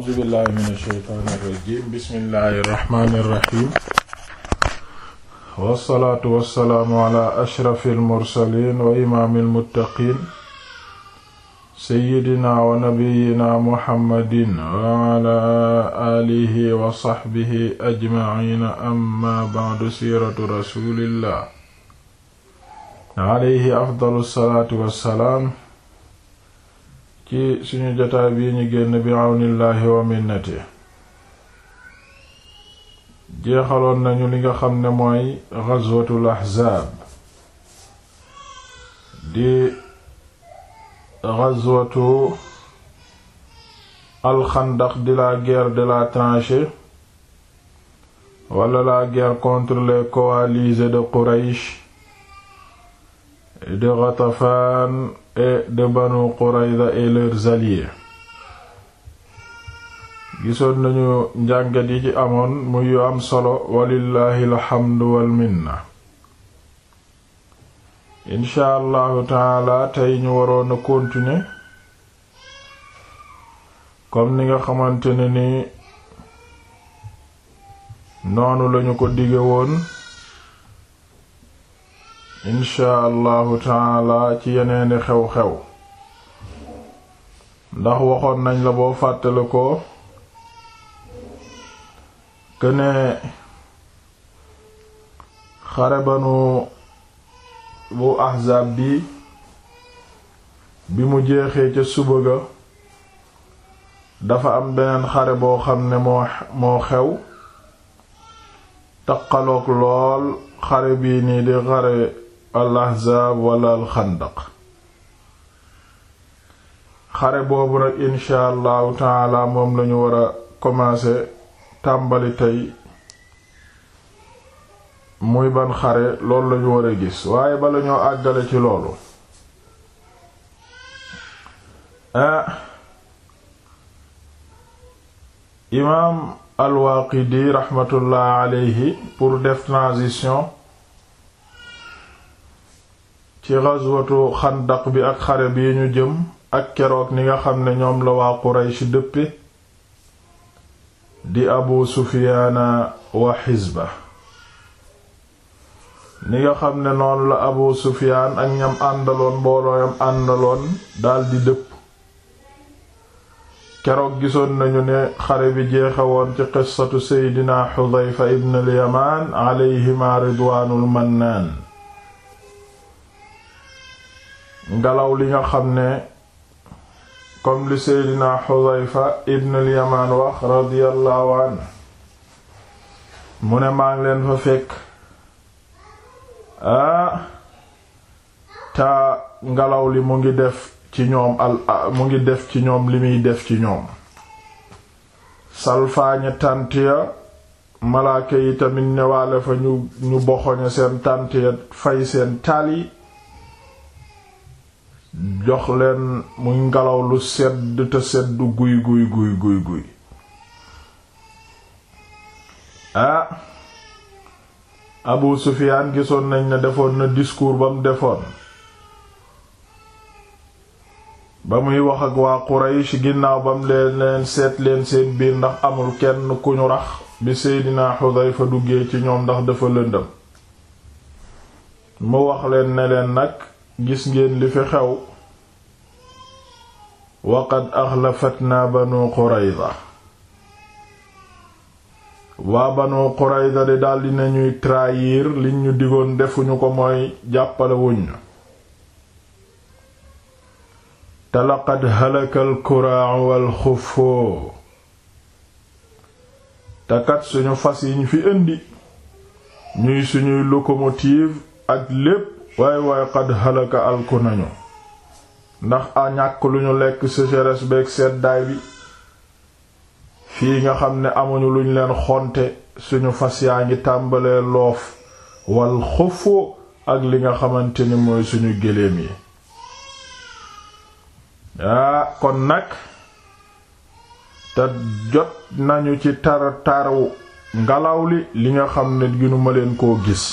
a'uuzu billaahi mina shaytaani rajiim bismillaahi rahmaani rahiim wassalaatu wassalaamu ala ashrafil mursaliin wa imaamil muttaqiin sayyidinaa wa nabiyyinaa muhammadin wa ala aalihi wa sahbihi ajma'iin amma ba'du siiratu rasuulillah alayhi afdalu salaatu wassalaam ci suñu jotaay bii ñu génn bi àwnillaahi wa minnati jeexaloon nañu li nga xam ne mooy ghazwatul ahzaab di ghazwatu alxandaq di la guerre de la tranchée wala la guerre contre les coalisés de Quraysh de Ghatafan et de Banu gisoon nañu njàngat yi ci amoon muy yu am solo walillahi alhamdu wal minna incha tey ñu waroon a continuer comme ni nga xamante ne ni noonu lañu ko dige woon incha allahu taala ci yeneeni xew-xew ndax waxoon nañ la boo fàttale ko këne xare banu bu ahzaab bi bi mu jeexee ca suba ga dafa am beneen xare boo xam ne moo xew taqaloog lool xare bii nii di xare al ahzaab wala al xare boobu nag incha allahu taala moom lañu war a commencer tàmbali tey muy ban xare loolu lañu war a gis waaye ba lañoo àggale ci loolu ah imaam al-Waaqidi raxmatullah pour def transition ci ghazwatu xandaq bi ak xare bi ñu jëm ak keroog ni nga xam ne ñoom la waa Quraysh dëppe di Abu Sufyaana wa xisba ni nga xam ne noon la Abu Sufyaan ak ñam àndaloon mboolooyam àndaloon daldi dëpp keroog gisoon nañu ne xare bi jeexawoon ci qissatu Seydina Xudayfa ibn al-Yamaan alayhima mannaan ngelaw li nga xam ne comme li seydina xudayfa ibn al wax radiyallahu an mu ne maa leen fa fekk ah ta ngelaw li mu ngi def ci ñoom al def ci ñoom li muy def ci ñoom salfaañe tànt ya malaaka yi tamit newaale fa ñu ñu boxoñe seen tànt ya fay seen taal jox leen muy ngelaw lu sedd te sedd guy guy guy guy guy ah, Abu Sufyaan gisoon nañ ne defoon na diskuur ba mu defoon ba muy wax ak waa ci ginnaaw ba mu leen leen seet leen seen biir ndax amul kenn ku ñu rax bi Seydina Xudayfa duggee ci ñoom ndax dafa lëndëm mu wax leen ne leen gis ngeen li fi xew waqad axlafatna banu qurayza waa banu qurayza de daldi nañuy trahir li ñu digoon defuñu ko mooy jàppale wuñ te laqad halaka al kuraa wal xuffoo te kat suñu fas yiñ fi indi ñuy suñuy locomotive ak lépp waay waay xad halaka alku nañu ndax a ñàkk lu ñu lekk sécheresse beeg seddaay bi fii nga xam ne amuñu luñ leen xonte suñu fas yaa ngi tàmbalee loof wal xofoo ak li nga xamante ni mooy suñu géléem yi aa kon nag te jot nañu ci tar tarwu ngelaw li li nga xam ne ginu ma leen koo gis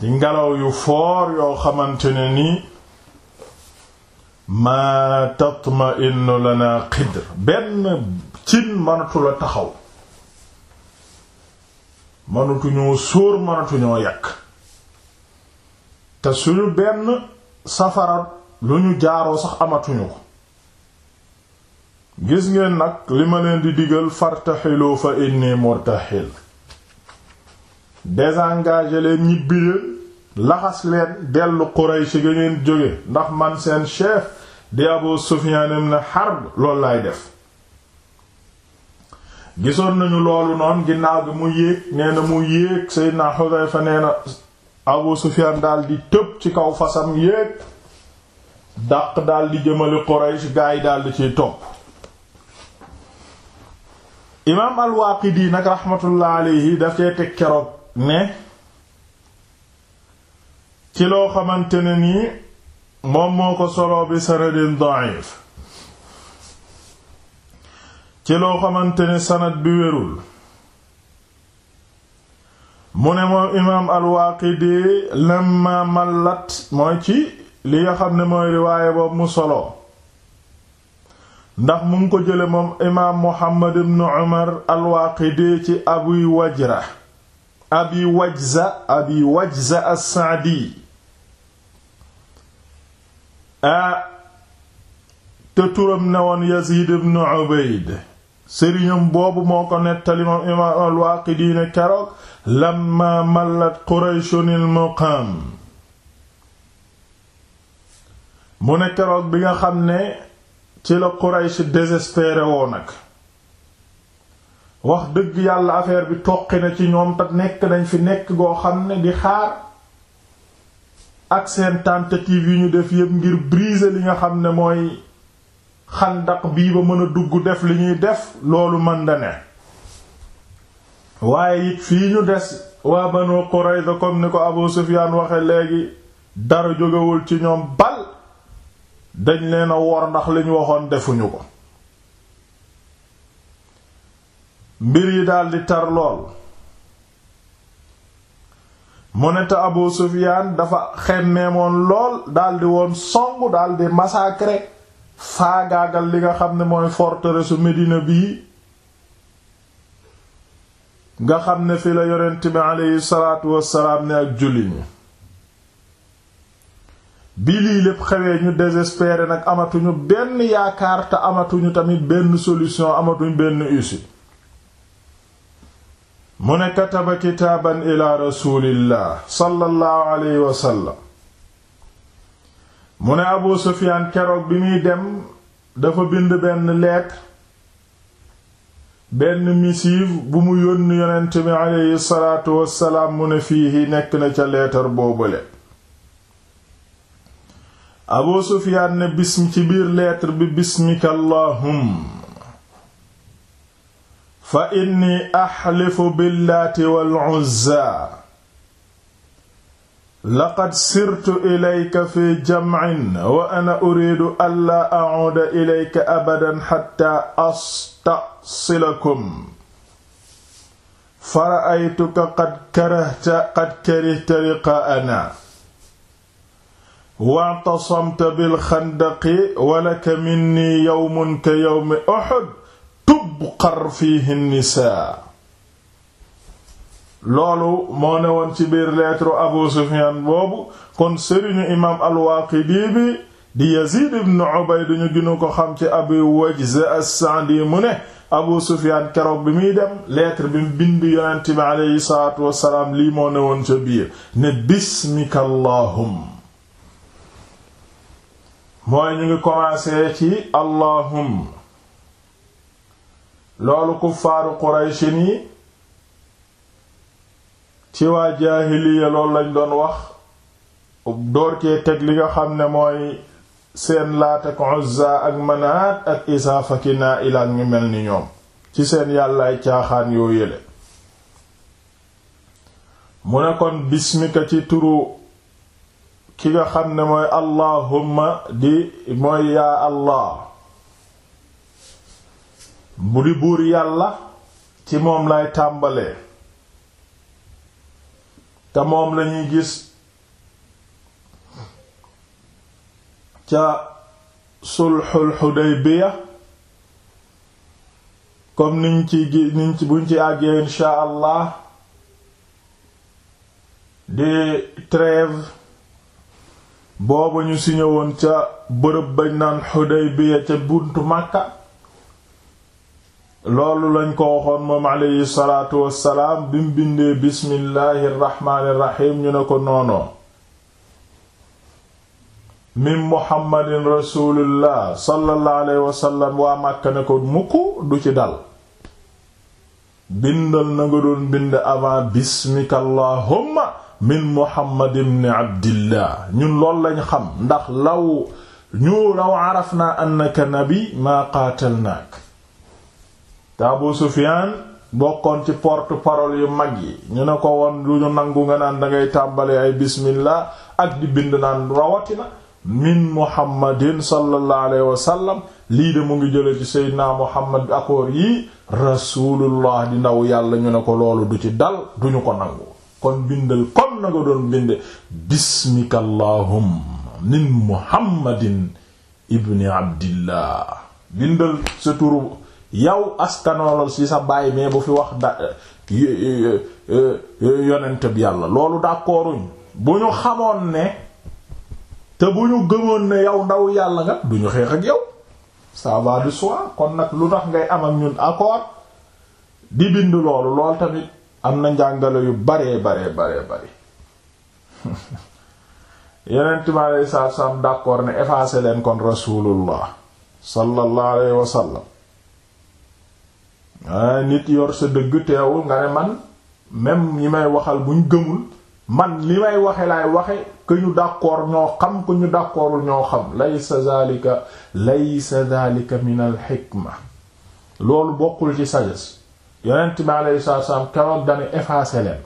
di ngelaw yu foor yoo xamante ne ni maa tatma innu lana xidr benn cin mënatu la taxaw mënatuñoo sóor mënatuñoo yàq te suñu benn safara lu ñu jaaroo sax amatuñu ko gis ngeen nag li ma leen di digal fartaxilu fa inni murtaxil désengagé leen ñibbi leen laxas leen dellu Quraysh ga ngeen jóge ndax man seen chef di Abu Sufyan ibn Harb loolu laay def gisoon nañu loolu noonu ginnaaw bi mu yéeg nee na mu yéeg Seydina Xudayfa nee na Abu Sufyan daal tëb ci kaw fasam yéeg dàq daal di jëmale Quraysh gaa yi ciy topp imaam al-Waaqidi nag raxmatullah alayhi dafay teg keroog ne ci loo xamante nii moom moo ko solo bi sanadin da'if ci loo xamante ne sanad bi wérul mu ne moom imaam al-Waaqidi mallat mooy ci li nga xam ne mooy riwaaye boobu mu solo ndax mun ko jële moom imaam Muhammad ibn Umar al ci Abu Wajra abi wajza abi wajza as-saadi a te turam ne woon yazid ibn ubayd sëriñam boobu moo ko nettali imaam al-waaqidi ne keroog lamma mallat qurayshun al-muqaam mu ne keroog bi nga xam ne ci la quraysh désespéré woo nag wax dëgg yàlla affaire bi toqi na ci ñoom te nekk nañ fi nekk goo xam ne di xaar ak seen tentative yu ñu def yépp ngir briser li nga xam ne mooy xandaq bii ba mën a dugg def li ñuy def loolu mën da ne waaye it fii ñu des waa Banu Qurayza comme ni ko Abu Sufyaan waxe léegi dara jógewul ci ñoom bal dañ leen a wor ndax li ñu waxoon defuñu ko mbir yi daldi tar lool mu ne te dafa xemmeemoon lool daldi woon song daldi massacrer faagaagal li nga xam ne mooy forteresse su Medina bii nga xam ne fi la yonent bi salaatu wassalaam ne ak julli ñi bi lii lépp xewee ñu désespéré nag amatuñu benn yaakaar te amatuñu tamit benn solution amatuñu benn issue mu ne kataba kitaaban ila rasulillah sallallahu alayhi wa mu ne abu sufiyaan keroog bi muy dem dafa bind benn lettre benn missive bu mu yónni yonent bi aleyhi salaatu wassalaam mu ne fiihi nekk na ca lettre boobule abu sufiyaan ne bism ci biir lettre bi bismika fa inni axlifu billaati wal uzza laqad sirtu ilayka fi jamcin wa ana uriidu allaa acuuda ilayka abadan xatta astasilakum fara'aytuka qad karahta qad karihta liqaa'ana wa'tasamta bilxandaqi walaka minni yawmun ka yawmi uxud tubqar fiihi loolu moo ne woon ci biir lettre Abu Sufyaan boobu kon sëriñu imaam al-Waaqidi di Yaziid ibn Ubayd ñu ko xam ci Abi Wajz as-Sa'di mu ne Abu Sufyaan keroog bi muy dem lettre bi mu bind yonent bi aleyhi salaatu wassalaam lii moo ne woon ca biir ne bismika mooy ñu ngi commencé ci allahum loolu kuffaaru Quraysh yi ci waa jaahiliya loolu lañ doon wax door cee teg li nga xam ne mooy seen Laat ak Uzza ak Manaat ak Isaa faki naa ilaat ñu mel ni ñoom ci seen yàllaay caaxaan yoo yéle mu ne kon bismika ci turu ki nga xam ne mooy allahumma di mooy yaa allah mu di buur yàlla ci moom lay tàmbalee te moom lañuy gis ca sulxul xudaybiya comme niñ ci ñu ci buñ ci àggee insha allah di trêve booba ñu signé woon ca bërëb bañ naan xudaybiya ca buntu Makka loolu lañ ko waxoon moom aleyhi salaatu bi mu bindee bismillahi ñu ne ko noonoo min muhammadin rasulillah sallallahu alayhi waa màkk ne ko mukk du ci dal bindal na nga doon bind avant bismika allahumma min muhammad ibn abdillah ñun lool lañ xam ndax law ñu law arafna annaka nabi maa qaatalnaak te Abu Sufyaan bokkoon ci porte-parole yu mag yi ñu ne ko won lu ñu nangu nga naan dangay tàmbali ay bismillah ak di bind naan rawatina min muhammadin sallallahu alayhi wa sallam lii de mu ngi jële ci seydinaa muhammad akoor yii rasulullah di ndaw yàlla ñu ne ko loolu du ci dal duñu ko nangu kon bindal kon na nga doon bind bismika allahumma min muhammadin ibni abdillah bindal sa turu yow askanoolal ci sa baay mais bu fi wax da eh, yonent bi yàlla loolu d'accorduñ bu ñu xamoon ne te bu ñu gëmoon ne yow ndaw yàlla nga du ñu xeex ak yow ça va de soi kon nag lu tax ngay am ak ñun accord di bind loolu lool tamit am na njàngale yu baree baree baree bari yeneen time alay salaam d'accord ne effacé leen kon rasulullah sallallahu alayhi wa waaye ah, nit yor sa dëgg teewul nga ne man même ñi may waxal buñ gëmul man li may waxe laay waxe que ñu d'accord ñoo xam ku ñu d'accordul ñoo xam laysa zalika laysa zalika min al loolu bokkul ci sagesse yonent bi alayhi salaatu salaam keroog dana effacé leen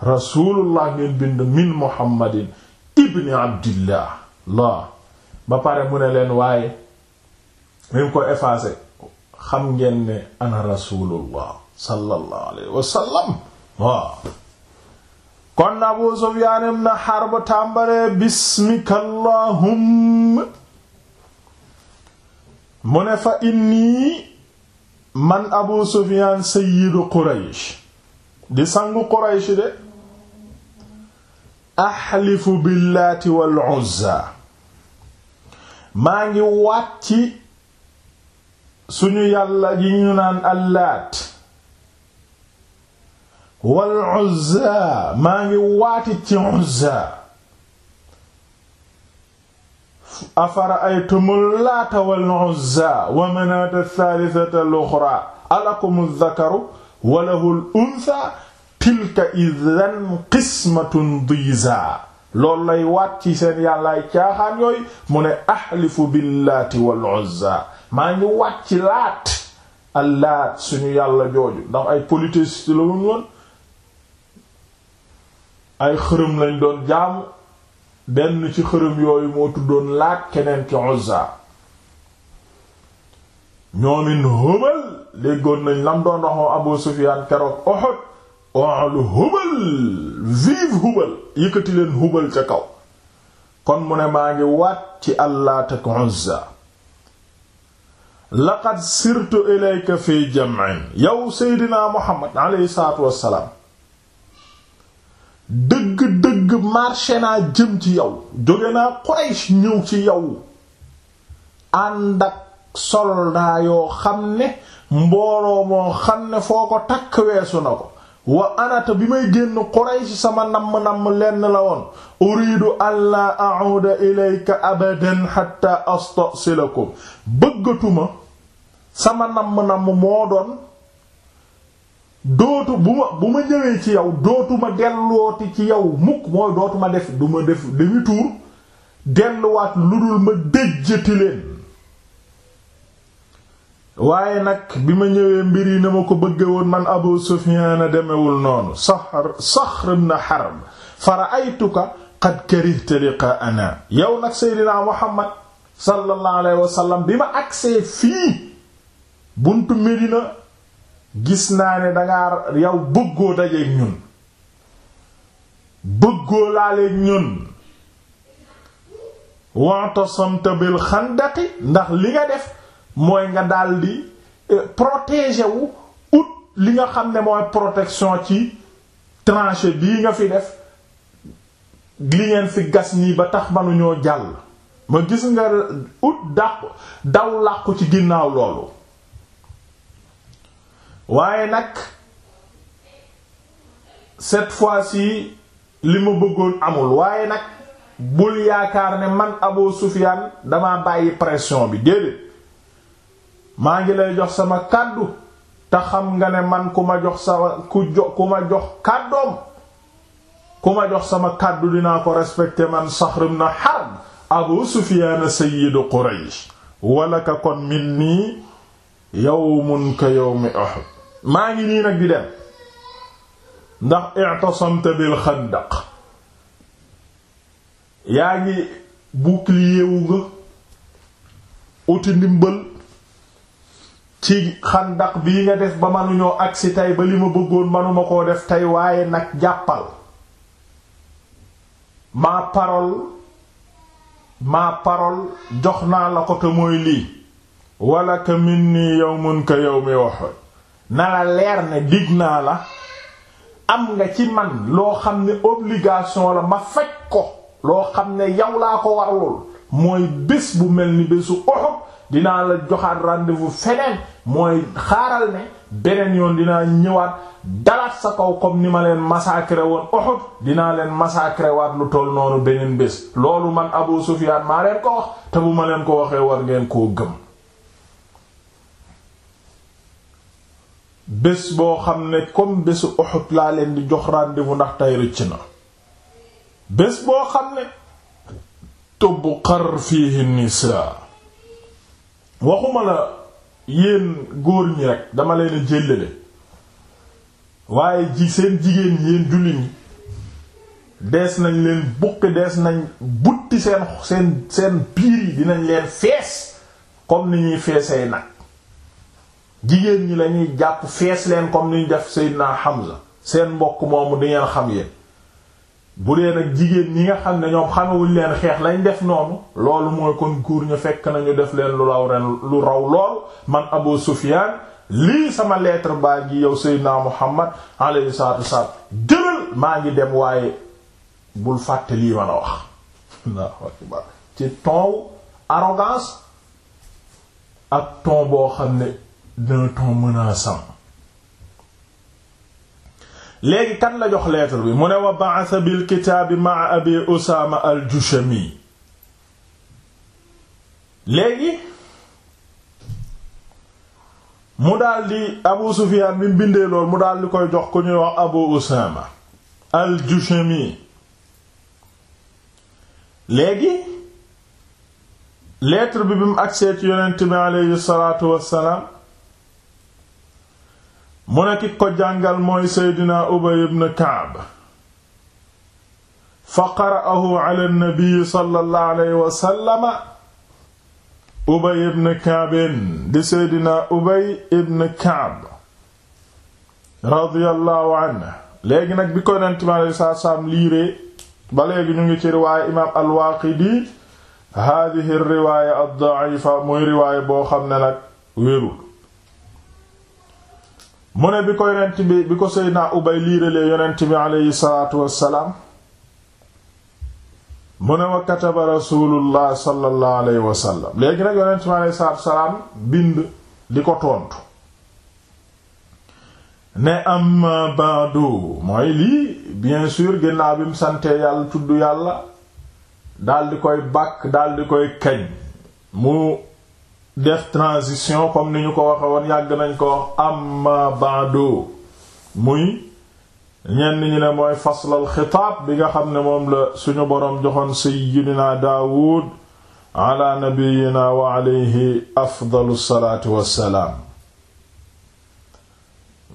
rasulullah ngeen bind min muhammadin ibni abdillah la ba pare mu ne leen waaye ngeen ko effacé xam ngeen ana rasulullah sallallahu alayhi kon Abu Sufyaan ibn Harb tàmbalee bismika mu ne fa inni man Abu Sufyaan sayyidu Quraysh di sangu Quraysh de ahlifu billaati wal Uzza maa ngi suñu yàlla ji ñu naan allaat wal uzza maa ngi waati ci uzza afara ay tumul laata wal uzza wa manaata thalithata al-ukhra alakumu dhakaru wa lahu al-untha tilka idhan qismatun diza loolu lay waat ci seen yàllaay caaxaan yooyu mu ne ahlifu billaati wal uzza maa ngi waat ci laat allaat suñu yàlla jooju ndax ay politis ci la wuñ woon ay xërëm lañ doon jaamu benn ci xërëm yooyu moo tuddoon laat keneen ki uzza ñoomin Humal déggoon nañ lam doon waxoo Abu Sufyaan keroog Uhud oxlu hubal vive hubal yëkkati leen hubal ca kaw kon mu ne maa ngi waat ci Allaat ak Uzza laqad sirtu ilayka fi jam'in yow seydinaa Muhammad alayhi salaatu wassalaam dëgg-dëgg marché naa jëm ci yow jóge naa Quraysh ñëw ci yow ànd ak naa yoo xam ne mbooloo moo xam ne foo ko takk weesu na ko wa anata bi may génn Quraysh sama namm-namm lenn la woon uridu alla a'uda ilayka abadan hatta astasilakum bëggatuma sama namm-namm moo doon dootu bu ma bu ma ñëwee ci yow dootuma dellooti ci yow mukk mooy dootuma def du ma def demi-tour delluwaat lu dul ma déjjati leen waaye nag bi ma ñëwee mbir yi na ma ko bëgge woon man abu sufyan demewul noonu saxr saxr ibn harb fara'aytuka qad karihta liqa'ana yow nag seydinaa muhammad sallallahu alayhi wasallam bi ma agsee fii buntu medina gis naa ne dangaa yow bëggoo dajeek ñun bëggoo laaleek ñun wa'tasamta bil xandaqi ndax li nga def mooy nga daldi euh, protéger wu ut li nga xam ne mooy protection ci tranchée bii nga fi def li ngeen fi gas nii ba tax manuñoo jàll ma gis nga ut dàq daw làqu ci ginnaaw loolu waaye nag cette fois-ci li ma bëggoon amul waaye nag bul yaakaar ne man Abu Sufyan dama bàyyi pression bi déedéet maa ngi lay jox sama kàddu te xam nga ne man ku ma jox jox ku kàddoom ku ma jox sama kàddu dinaa ko respecté man Saxr ibn Harb Abu Sufyaan sayyidu Quraysh walaka kon minni yawmun ka yawmi Uhud maa ngi nii nag di dem ndax i'tasamta bil xandaq yaa ngi bouclier wu nga uti ndimbal ci xandax bii nga def ba manuñoo agsi tey ba li ma bëggoon manuma koo def tey waaye nag jàppal ma parole ma parole jox naa la ko te mooy lii wala ka minni yawmun ka yawmi Uhud na la leer ne dig naa la am nga ci man loo xam ne obligation la ma faj ko loo xam ne yow laa ko warlul mooy bés bu mel ni bésu Uhud dinaa la joxaat rendez-vous feneen mooy xaaral ne beneen yoon dinaa ñëwaat dalaat sa kaw comme ni ma leen massacré woon Uhud dinaa leen massacré waat lu toll noonu beneen bés loolu man Abu Sufyaan maa leen ko wax te bu ma leen ko waxee war ngeen koo gëm bés boo xam ne comme bésu Uhud laa leen di jox rendez-vous ndax tey rëcc na bés boo xam ne tubb xar fiihi nisaa waxuma la yéen góor ñi rek dama leen jëllale waaye ji seen jigéen yéen julli ñi dees nañ leen bukki dees nañ butti seen seen seen biir yi dinañ leen fees comme ni ñuy feesee nag jigéen ñi lañuy jàpp fees leen comme ni ñu def Seydina Hamza seen mbokk moomu di ngeen xam yéen bu dee nag jigéen ñi nga xam ne ñoom xamewuñ leen xeex lañ def noonu loolu mooy kon góor ñu fekk nañu def leen lu raw lu raw lool man Abu Sufyan lii sama lettre baa ngi yow Seydina Muhammad alayhi salaatu wasalaam jëlal maa ngi dem waaye bul fàtte lii man a wax waaw ci ton arrogance ak ton boo xam ne d'un ton menaçant léegi kan la jox lettre bi mu ne wa ba'atha bil kitaabi ma'a abi Usaama al-Jushami léegi mu daldi Abu Sufyaan bi mu bindee mu daldi koy jox ku ñuy wax Abu Usaama al-Jushami léegi lettre bi bi mu agsee ci yonent bi aleyhi salaatu wassalaam mu ne ko jàngal mooy seydina ubay ibn kaab fa qara'ahu ala nabi sallallahu alayhi ubay ibn kaabin di seydina ubay ibn kaab radiyallahu anhu léegi nag bi koy nent mi alei saatu salaam liiree ba léegi ñu ngi ci riwaaya imaam al-Waaqidi haadihi riwaaya ad-da'ifa muy riwaaya boo xam ne nag mu ne bi ko yonent bi bi ko Seydina Ubay liiralee yonent bi aleyhi salaatu wassalaam mu ne wa kataba rasulullah sallallahu alayhi wa léegi nag yonent bi aleyhi salaatu wassalaam bind di ko tontu ne amma ba'du mooy lii bien sûr ginnaaw bi mu santee yàlla tudd yàlla daldi koy bàkk daldi koy kañ mu def transition comme ni ñu ko waxe woon yàgg nañ ko wax amma ba'du muy ñenn ñi ne mooy faslal xitaab bi nga xam ne moom la suñu boroom joxoon sayyidina daawud ala nabiyyina wa alayhi afdalu salaatu wassalaam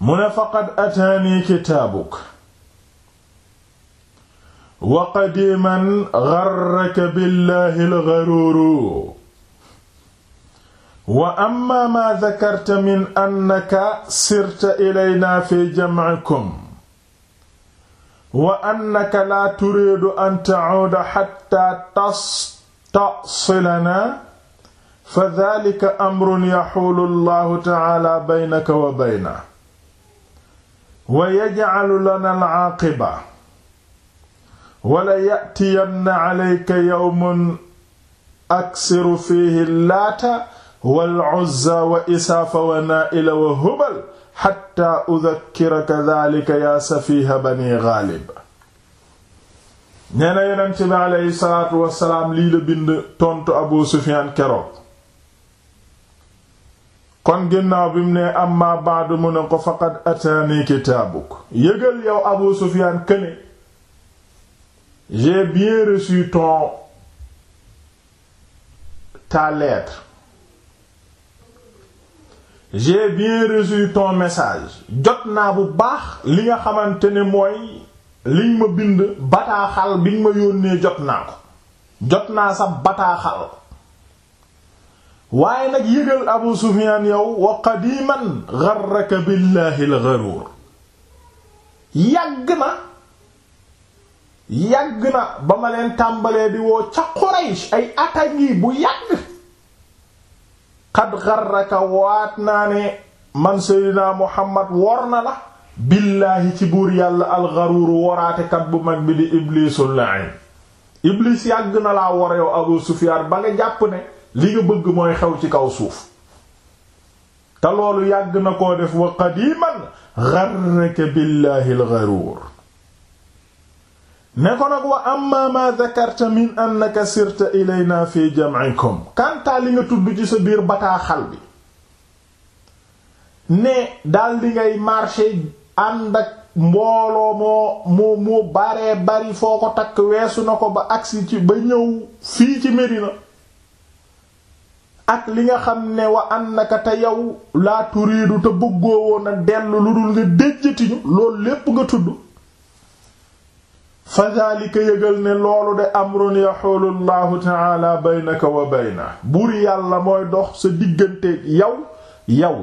mu ne faqad ataani kitaabuk wa qadiman gharraka billahi al wa amma maa dakarta min annaka sirta ilaynaa fi jamcikum wa annaka laa turiidu an tacuuda xatta tastasilanaa fa dalika amrun yaxuulu allahu tacaala baynaka wa bayna wa yajcalu lana alcaaqiba wala ya'tiyanna calayka yawmun aksiru fiihi laata wal uzza wa isaafa wa naa'ila wa hubal xatta udakkiraka daalika yaa safiiha bani gaalib nee na yonent bi aleyhi salaatu wasalaam lii la bind tontu abu sufiyaan keroog kon ginnaaw bi mu ne amma mu ne ko faqad ataani kitaabuk yëgal yow abu sufiyaan këne j'ai bien reçu ton ta lettre j'ai bien reçu ton message jot naa bu baax li nga xamante ne mooy liñ ma bind bataaxal biñ ma yónnee jot naa ko jot naa sa bataaxal waaye nag yëgal Abu Sufyan yow wa qadiman gharraka billahi al-gharur yàgg na yàgg na ba ma leen tàmbalee di woo ca Quraysh ay attaques yi bu yàgg xad xarraka waat naa ne man seydinaa muhammad wor na la billaahi ci buur yàlla alxaruuru waraatekat bu mag bi di ibliisul la'in ibliis yàgg na laa wor yow abu sufyaan ba jàpp ne li nga bëgg mooy xew ci kaw suuf te loolu yàgg na ko def wa qadiman xarraka billaahi alxaruur ne ko nag wa amma ma dhakarta min annaka sirta ilayna fi jam'ikum kantaa li nga tudd ci sa biir bataaxal bi ne daal di ngay marché ànd ak mbooloo moo moo moo bari foo ko takk weesu na ko ba agsi ci ba ñëw fii ci Medina ak li nga xam ne wa annaka te yow laa turiidu te bëggoo woon a dellu lu dul nga déjjatiñu loolu lépp nga tudd fa daalika yëgal ne loolu de amrun yaxoolu allahu taala baynaka wa bayna buur yàlla mooy dox sa diggante yow yow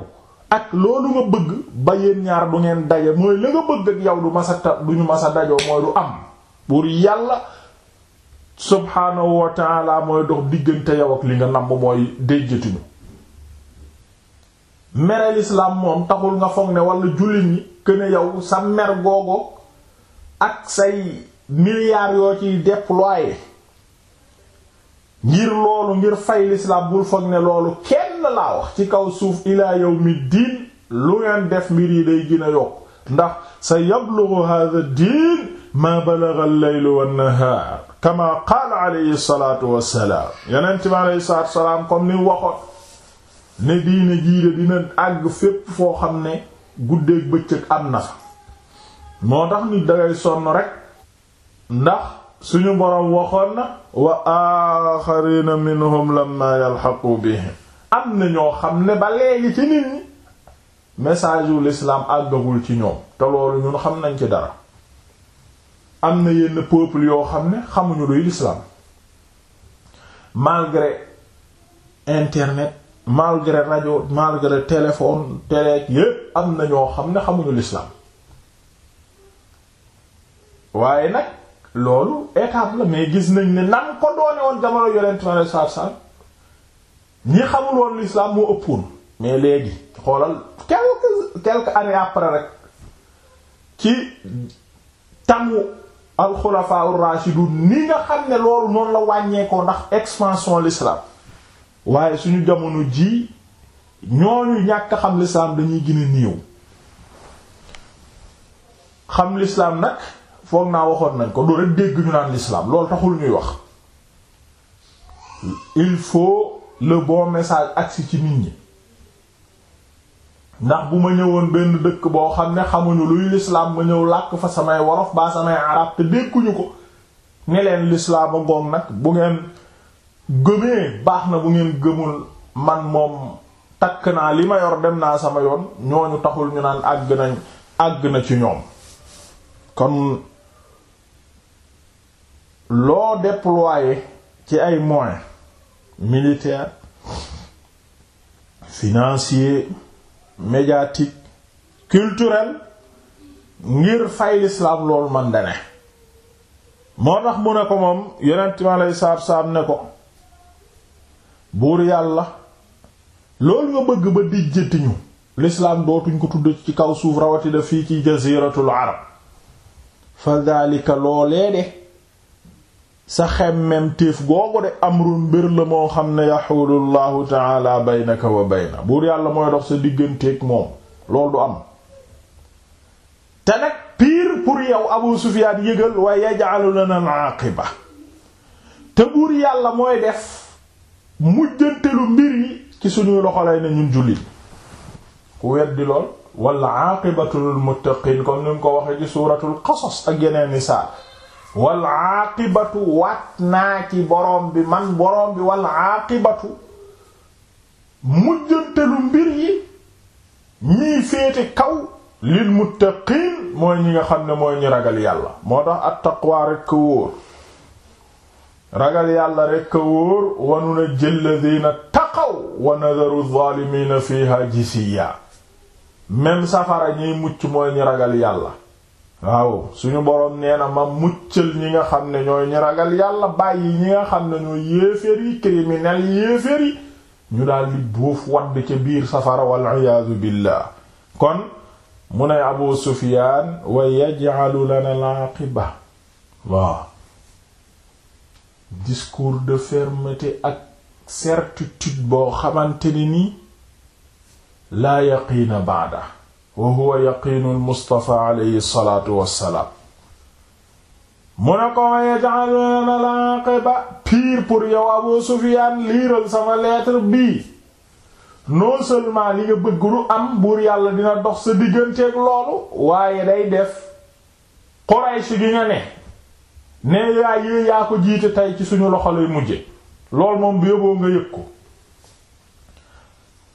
ak loolu nga bëgg ba yéen ñaar du ngeen daje mooy la nga bëgg ak yow du masa ta duñu masa dajoo mooy du am buur yàlla subhaanahu wa taala mooy dox diggante yow ak li nga namm mooy déjjatuñu mereel islaam moom taxul nga foog ne wala jullit ñi que ne sa mer googo ak say milliards yoo ciy déployer ngir loolu ngir fay l'islam bul foog ne loolu kenn laa wax ci kaw suuf ilaa yawmi diin lu ngeen def mbir yi day gën a yokk ndax sa yablughu hadha diin ma balagha al-laylu wan-nahaar kama qaala alayhi salaatu wassalaam yonent bi alayhi salaatu ni waxoon ne diine jiide dina àgg fépp foo xam ne guddeeg bëccëg am na fa moo tax nit dangay sonn rek ndax suñu boroom waxoon na wa aaxarina minhum lamma yalxaqu bihim am na ñoo xam ne ba léegi ci nit ñi message wu l'islam àggagul ci ñoom te ñun xam nañ ci dara am na yenn peuple yoo xam ne xamuñu lislaam l'islam malgré internet malgré rajo malgré téléphone télé yépp am na ñoo xam ne xamuñu waaye nag loolu étape la mais gis nañ ne nan ko doone woon jamono yonent na saar saar ñi xamul woon l'islam ëppoon mais léegi xoolal quelques quelques années après rek ci tamu alxulafaa ar-rashidun ni nga xam ne loolu noonu la wàññeekoo ndax expansion l'islam waaye suñu jamono ji ñooñu ñàkk xam l'islam dañuy gën a néew xam l'islam nag foog naa waxoon nañ ko doo rek dégg ñu naan l'islam loolu taxul ñuy wax il faut le bon message agsi ci nit ñi ndax bu ma ñëwoon benn dëkk boo xam ne xamuñu luy lislaam ma ñëw làkk fa samay wolof baa samay arab te dégguñu ko ne lislaamu l'islam nag bu ngeen gëmee baax na bu ngeen gëmul man moom takk naa li ma yor dem naa sama yoon ñooñu taxul ñu naan àgg nañ àgg na ci ñoom kon loo déployer ci ay moyens militaires financiers médiatiques culturels ngir fay l'islam loolu man dane moo tax mu ne ko moom yonent ma lay saab-saab ne ko buur yàlla loolu nga bëgg ba dijjatiñu l'islam dootuñ ko tudd ci kaw suuf rawatina fii ci jaziratul arab fa daalika loolee de sa xemmem téef googu de amrun mbir la moo xam ne yaxulu llahu taala baynaka wa bayna buur yàlla mooy dox sa digganteeg moom loolu du am te nag pire pour yow Abu Sufyaan yëgal wa yaj'alu lana al te buur yàlla mooy def mujjantelu mbir yi ci suñuy loxo lay ne ñun jullit ku weddi lool wala aqibatu lil muttaqin comme ni ko waxee ci suuratul qasas ak yeneen ni saar wal aaqibatu waat naa ci boroom bi man boroom bi wal aaqibatu mujjantelu mbir yi ñii féete kaw lil muttaqiin mooy ñi nga xam ne mooy ñi ragal yàlla moo tax at taqwa rekk wóor ragal yàlla rekk wóor wanu na jël ladina taqaw wa nadaru zaalimiina fiiha jisiya même safara ñiy mucc mooy ñu ragal yàlla waaw suñu boroom nee na ma muccal ñi nga xam ne ñooy ñi ragal yàlla bàyyi ñi nga xam ne ñooy yéeféer yi criminel ñu daal buuf wadd ca biir safara wal iyaadu billah kon mu ne abu sufiyaan wa yaj'alu lana al-aqiba waaw discours de fermeté ak certitude boo xamante ni nii laa yaqiina baada wa huwa yaqiinu almustafa alayhi salaatu wassalaam mu ne ko wa yaj'aluna al-aqiba pour yow Abu liiral sama lettre bii non seulement li nga bëgg lu am buur yàlla dina dox sa digganteeg loolu waaye day def Quraysh gi nga ne ne yaa yee yaa ko jiite tey ci suñu loxo lay mujje lool moom bu yóbboo nga yëg ko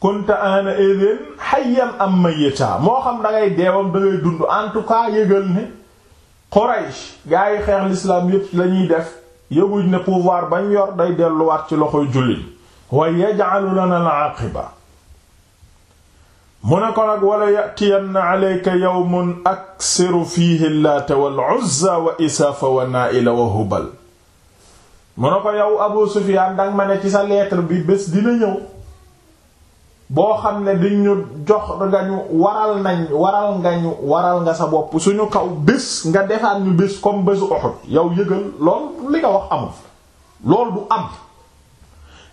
kunta ana idhin hayyan am mayyita moo xam da deewam da dund en tout cas ne Quraysh gaa xeex l'islam yépp lañuy def yëguñ ne pouvoir bañ yor day delluwaat ci loxo jullit wa yaj'alu lana al mu ne ko nag wala yatiyanna alayka yawmun aksiru fiihi laata wal uzza wa isaafa wa naa'ila wa hubal mu ne ko yow Abu Sufyaan danga ma ne ci sa lettre bi bés dina ñëw boo xam ne di ñu jox nga ñu waral nañ waral nga sa bopp suñu kaw bés nga defaat ñu bés comme bésu Uhud yow yëgal lool li nga wax amul lool du am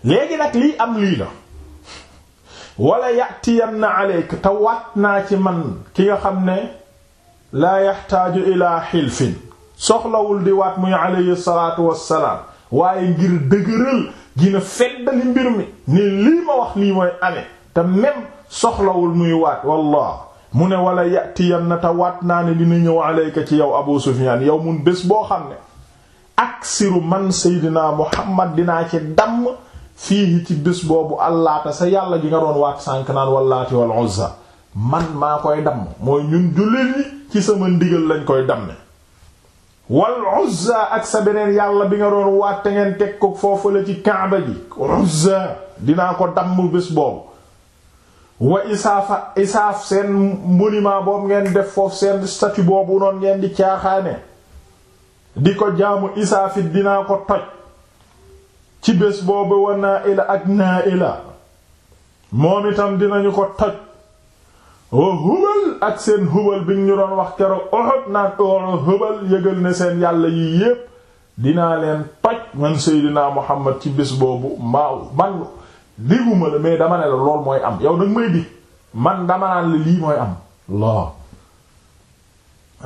léegi nag lii am lii la wala ya'tiyanna alayka te waat naa ci man ki nga xam ne laa yaxtaaju ilaa xilfin soxlawul di waat muy alayhi salaatu wassalaam waaye ngir dëgëral gina feddali mbir mi ne lii ma wax nii mooy amee te même soxlawul muy waat wallah mu ne wala yatiyan na te waat naa ne dina ñëw aleyka ci yaw Abu Sufyan yow mun bés boo xam ne aksiru man seydinaa Muhammad dinaa ci damm fii ci bés boobu allaata sa yàlla ji nga doon waat sànk naan wallaati wal uzza man maa koy damm mooy ñun jullit ñi ci sama ndigal lañ koy damme wal uzza ak sa beneen yàlla bi nga doon waat te ngeen teg ko foofu la ci kaaba ji uzza dinaa ko damm bés boobu wa isaafa isaaf seen monument boobu ngeen def foofu seen statue boobu noonu ngeen di caaxaane di ko jaamu isaafit dinaa ko toj ci bés boobu wa naa ila ak naa ila moom itam dinañu ko toj wa hubal ak seen hubal bi ñu doon wax keroog Uhud naan oo hubal yëgal ne seen yàlla yi yépp dinaa leen toj man Seydina Muhammad ci bés boobu maaw man déguma la mais dama ne la lool mooy am yow nag may dig man dama naan la lii mooy am laa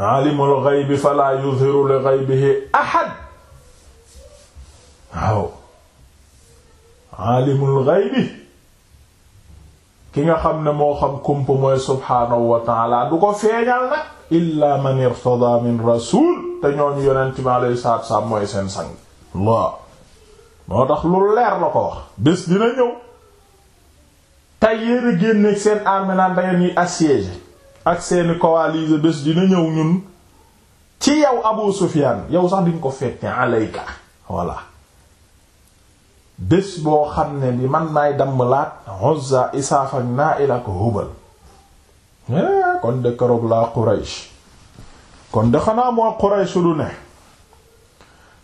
alimul ghaybi fala yuzhiru li ghaybihi ahad waaw alimul ghaybi ki nga xam ne moo xam kump mooy subhaanahu wa taala du ko feeñal nag illa man irtada min rasul te ñooñu yonent bi alayhi salaatu wa salaam mooy seen sang laa moo tax lu leer la ko wax bés dina ñëw tey yére a génne seen armée naan da ngeen ak seeni coalisés bés dina ñëw ñun ci yow Abu Sufyan yow sax diñ ko fekke alayka voilà bés boo xam ne bi man maay damm laat Uzza Isaaf ak Naa'il ak Hubal eh, kon de keroog laa Quraysh kon de xanaa moo Quraysh du ne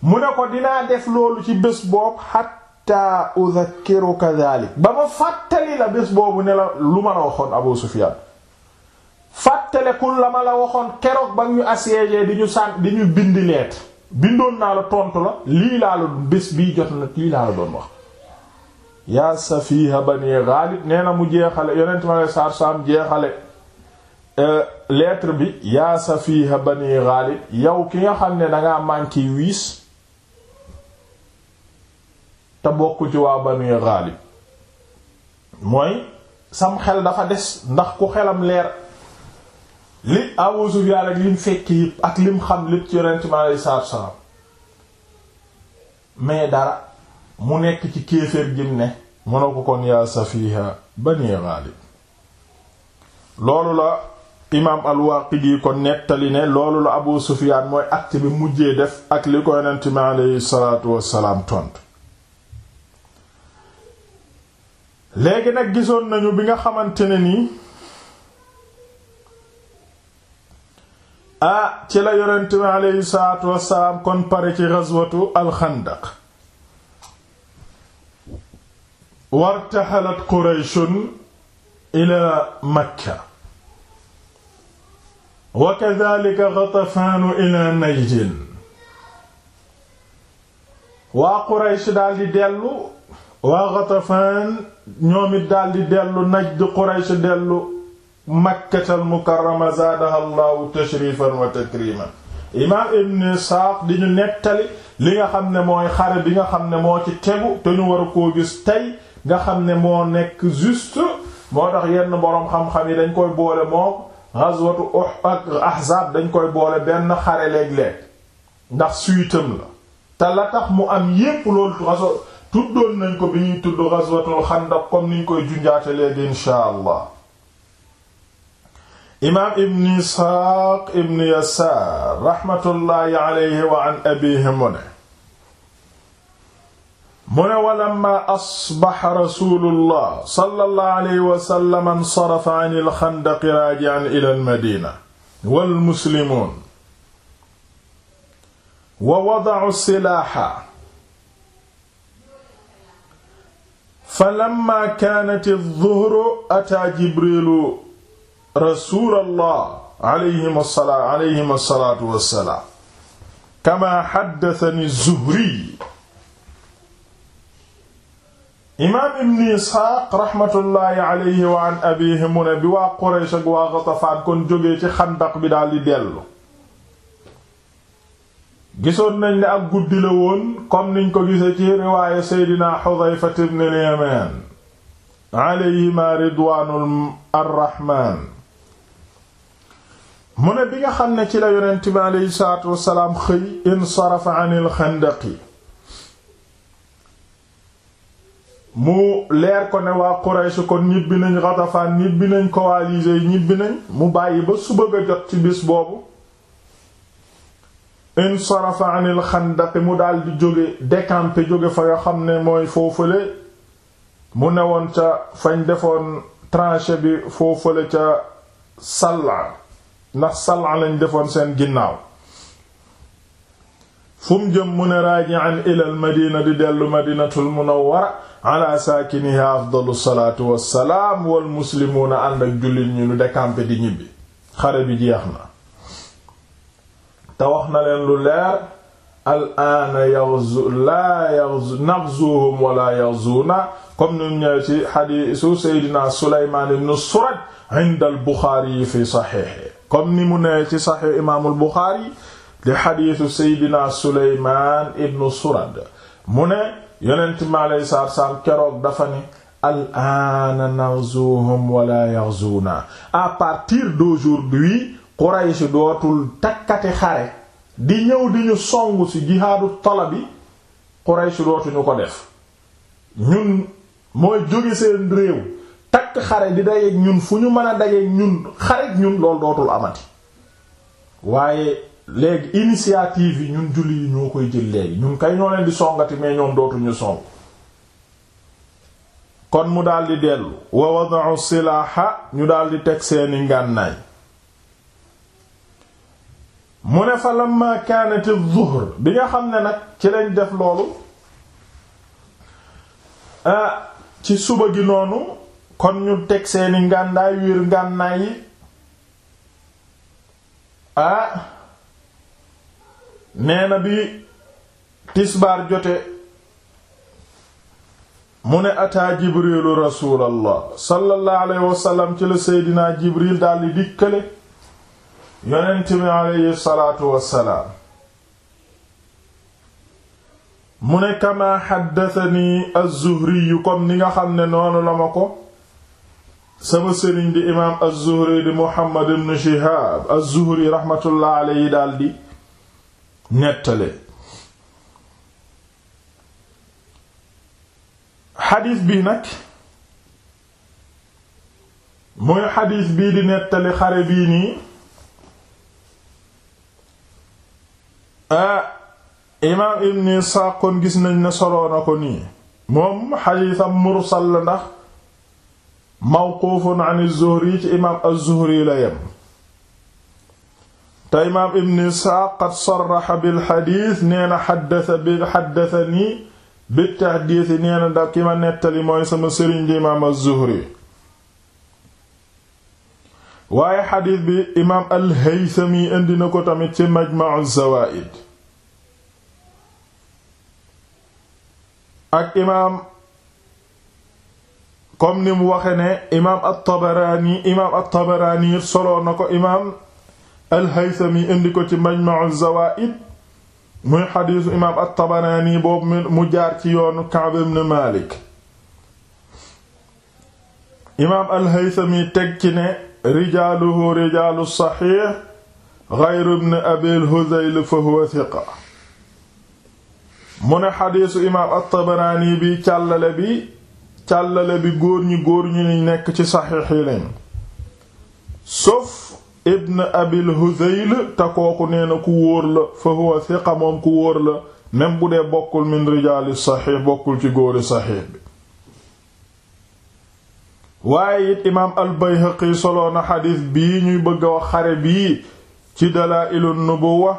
mu ne ko dinaa def loolu ci bés boobu hatta udhakkiruka dhalik ba ma fàttali la bés boobu ne la lu ma la waxoon Abu Sufyan fàttalekul la ma la waxoon keroog ba ñu assiégé di ñu sànq di ñu bindi leet bindoon naa la tontu la lii laa la bés bii jot na lii laa la doon wax yaa safiha bani Ghalib nee na mu jeexale yonent ma la saar saam jeexale euh, lettre bi yaa safiha bani Ghalib yow ki nga xam ne dangaa manqué wiis te bokk ci waa Banu Ghalib mooy sam xel dafa des ndax ku xelam leer li Abu Sufyaan ak lim fekk yëpp ak lim xam lépp ci Yonent mi alayhi salaam mais dara mu nekk ci kéeféer gim ne mu ne ko kon yaa safiha Bani Ghalib loolu la imaam al-Waaqidi kon nettali ne loolu la Abu Sufyaan mooy acte bi mujjee def ak li ko Yonent mi salaatu wassalaam tontu léegi nag gisoon nañu bi nga xamante ni nii ah, ci la yonent bi aleyhi salaatu wassalaam kon pare ci ghazwatu alxandaq wartaxalat qurayshun ila makka wa kadhalika ghatafanu ila najdin waa quraysh daldi dellu waa ghatafan ñoom it daldi dellu Najd Quraysh dellu Makkatal Mukarrama zaadaha Allahu tashrifan wa takriman imaam Ibn Isxaaq di ñu nettali li nga xam ne mooy xare bi nga xam ne moo ci tegu te ñu war koo gis tey nga xam ne moo nekk juste moo tax yenn boroom xam-xam yi dañ koy boole moom ghazwatu Ahzab dañ koy boole benn xare léeg-léeg ndax suytam la te la tax mu am yépp loolu tuddoon nañ ko bi ñuy tudd ghazwatul xandaq comme niñ koy junjaate léegi inshaa allah imaam ibn isxaaq ibn yasaar raxmatullaahi alayhi wa an abihi mu ne mu ne walamma asbaxa rasuulullah sallallaahu alayhi wa sallam ansarafa an alxandaqi raaji'an ila almadina wal muslimuun wa wada'u silaaxa falamma kaanat az-zuhru ataa jibrilu rasulallah alayhim as-salaatu alayhim as-salaatu wassalaam kamaa haddathani az-zuhri imaam ibn isxaaq raxmatullaahi alayhi wa an abiihi mu ne bi waa quraysh ak waa gatafaan kon jógee ci xandaq bi daal di dellu gisoon nañ ne ab guddi la woon comme niñ ko gise ci riwaaya seydina Xudayfa ibn al-Yamaan alayhima ridwaanul mu ne bi nga xam ne ci la yonent bi aleyhi salaatu wassalaam xëy insarafa anil xandaqi mu leer ko ne waa Quraysh kon ñibbi nañ Ghatafaan ñibbi nañ coalisés ñibbi nañ mu bàyyi ba suba ga jot ci bis boobu insarafa anil xandaqi mu daal di jóge décamper jóge fa nga xam ne mooy foofale mu woon ca fañ defoon tranchée bi foofale ca salla ndax salla lañ defoon seen ginnaaw fu mu jëm mu ne raaji'an ilal madina di dellu madinatul munawwara ala saakiniha afdalu salaatu wassalaam wal muslimuuna ànd ak jullit ñu lu décamper di ñibbi xare bi jeex na te wax na leen lu leer al'aana yaxzu laa yaxzu naxzuhum wala yaxzuuna comme ni mu ñëwee ci xadiisu Seydina Souleymane ibn Surad inda al-Buxaari fi saxiixi comme ni mu nee ci saxiix imaamul Buxaari di xadiisu Seydina Souleymane ibn Surad mu ne yonent mi alayhi salaatu wa salaam keroog dafa ne al'aana naxzuhum wala yaxzuuna à partir d'aujourd'hui Quraysh dootul takkati xare di ñëw di ñu song ci jihaadu talabi Quraysh dootuñu ko def ñun mooy jóge seen réew takk xare di dajeek ñun fu ñu mën a dajeek ñun xareek ñun loolu dootul amati waaye léegi initiative yi ñun julli yi ñoo koy jël léegi ñun kay ñoo leen di songati mais ñoom dootuñu song kon mu daldi dellu wa wada'u silaha ñu daldi teg seeni ngànnaay mu ne fa lamma kaanati zuhr bi nga xam ne nag ci lañ def loolu ah ci suba gi noonu kon ñu teg seeni ngàndaay wiir ngànnaay yi ah nee na bi tisbaar jote mu ne ataa jibrilu rasulallah sallallahu alayhi wasallam ci la seydinaa jibril daldi dikkale yonent bi aleyhi salaatu wassalaam mu ne kamaa xaddatani az-Zuhriyu comme ni nga xam ne noonu la ma ko sama sëriñ di imaam az-Zuhri di Muhammad ibn Shihaab az-Zuhri raxmatullah aleyhi daldi nettale xadiis bi nag muy xadiis bii di nettali xare bii nii Ah, imaam ibn Isaaq kon gis nañ ne soloo na ko nii moom xadiisam mursal la ndax mawquufun an az-Zuhri ci imaam az-Zuhri la yem te imaam ibn Isaaq qad sarraxa bil xadiis nee na xaddasa bi xaddasa nii bi taxdiisi nee na da ki ma nettali mooy sama sëriñ di imaam az-Zuhri waaye xadiis bi imaam al-Haythami indi na ko tamit ci Majma'u Zawaa'id ak imaam comme ni mu waxe ne imaam at-Tabarani imaam at-Tabarani solo na ko imaam al-Haythami indi ko ci Majma'u Zawaa'id muy xadiisu imaam at-Tabarani boobu mu jaar ci yoonu Ka'b ibn Malik imaam al-Haythami teg ci ne rijaaluhu rijaalu saxiix gayru ibn abil hudayl fa huwa mu ne xadiisu imaam at-Tabaraani bi càllale bi càllale bi góor ñi góor ñi nekk ci saxiix yi lañ sauf ibn abil hudayl te kooku nee na ku wóor la fa huwa moom ku wóor la même bu dee bokkul min rijaali saxiix bokkul ci góori saxiix bi waaye it imaam al-Bayhaqi soloo na xadiis bii ñuy bëgg a wax xare bii ci Dalaa'ilu Nubuwwa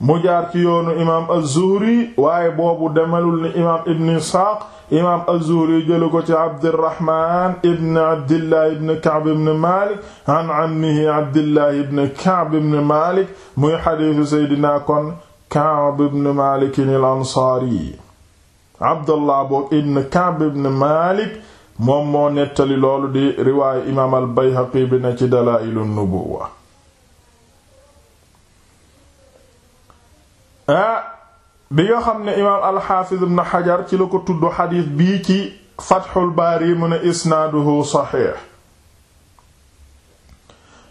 mu jaar ci yoonu imaam az-Zuhri waaye boobu demelul ni imaam Ibn Isxaaq imaam az-Zuhri jëlu ko ci Abdirrahmaan ibn Abdillah ibn Ka'b ibn Maalik an ammihi Abdillah ibn Ka'b ibn Maalik muy xadiisu Seydina kon Ka'b ibn Maalik al-Ansaari Abdullah boog ibn Ka'b ibn Maalik moom moo nettali loolu di riwaayu imaam al bayhaqi bi ci dalaa'ilu nubuwa ah, bi nga xam ne imaam alxaafiz ibn xajar ci la ko tudd xadiis bii ci fatxul baari mu ne isnaaduhu saxiix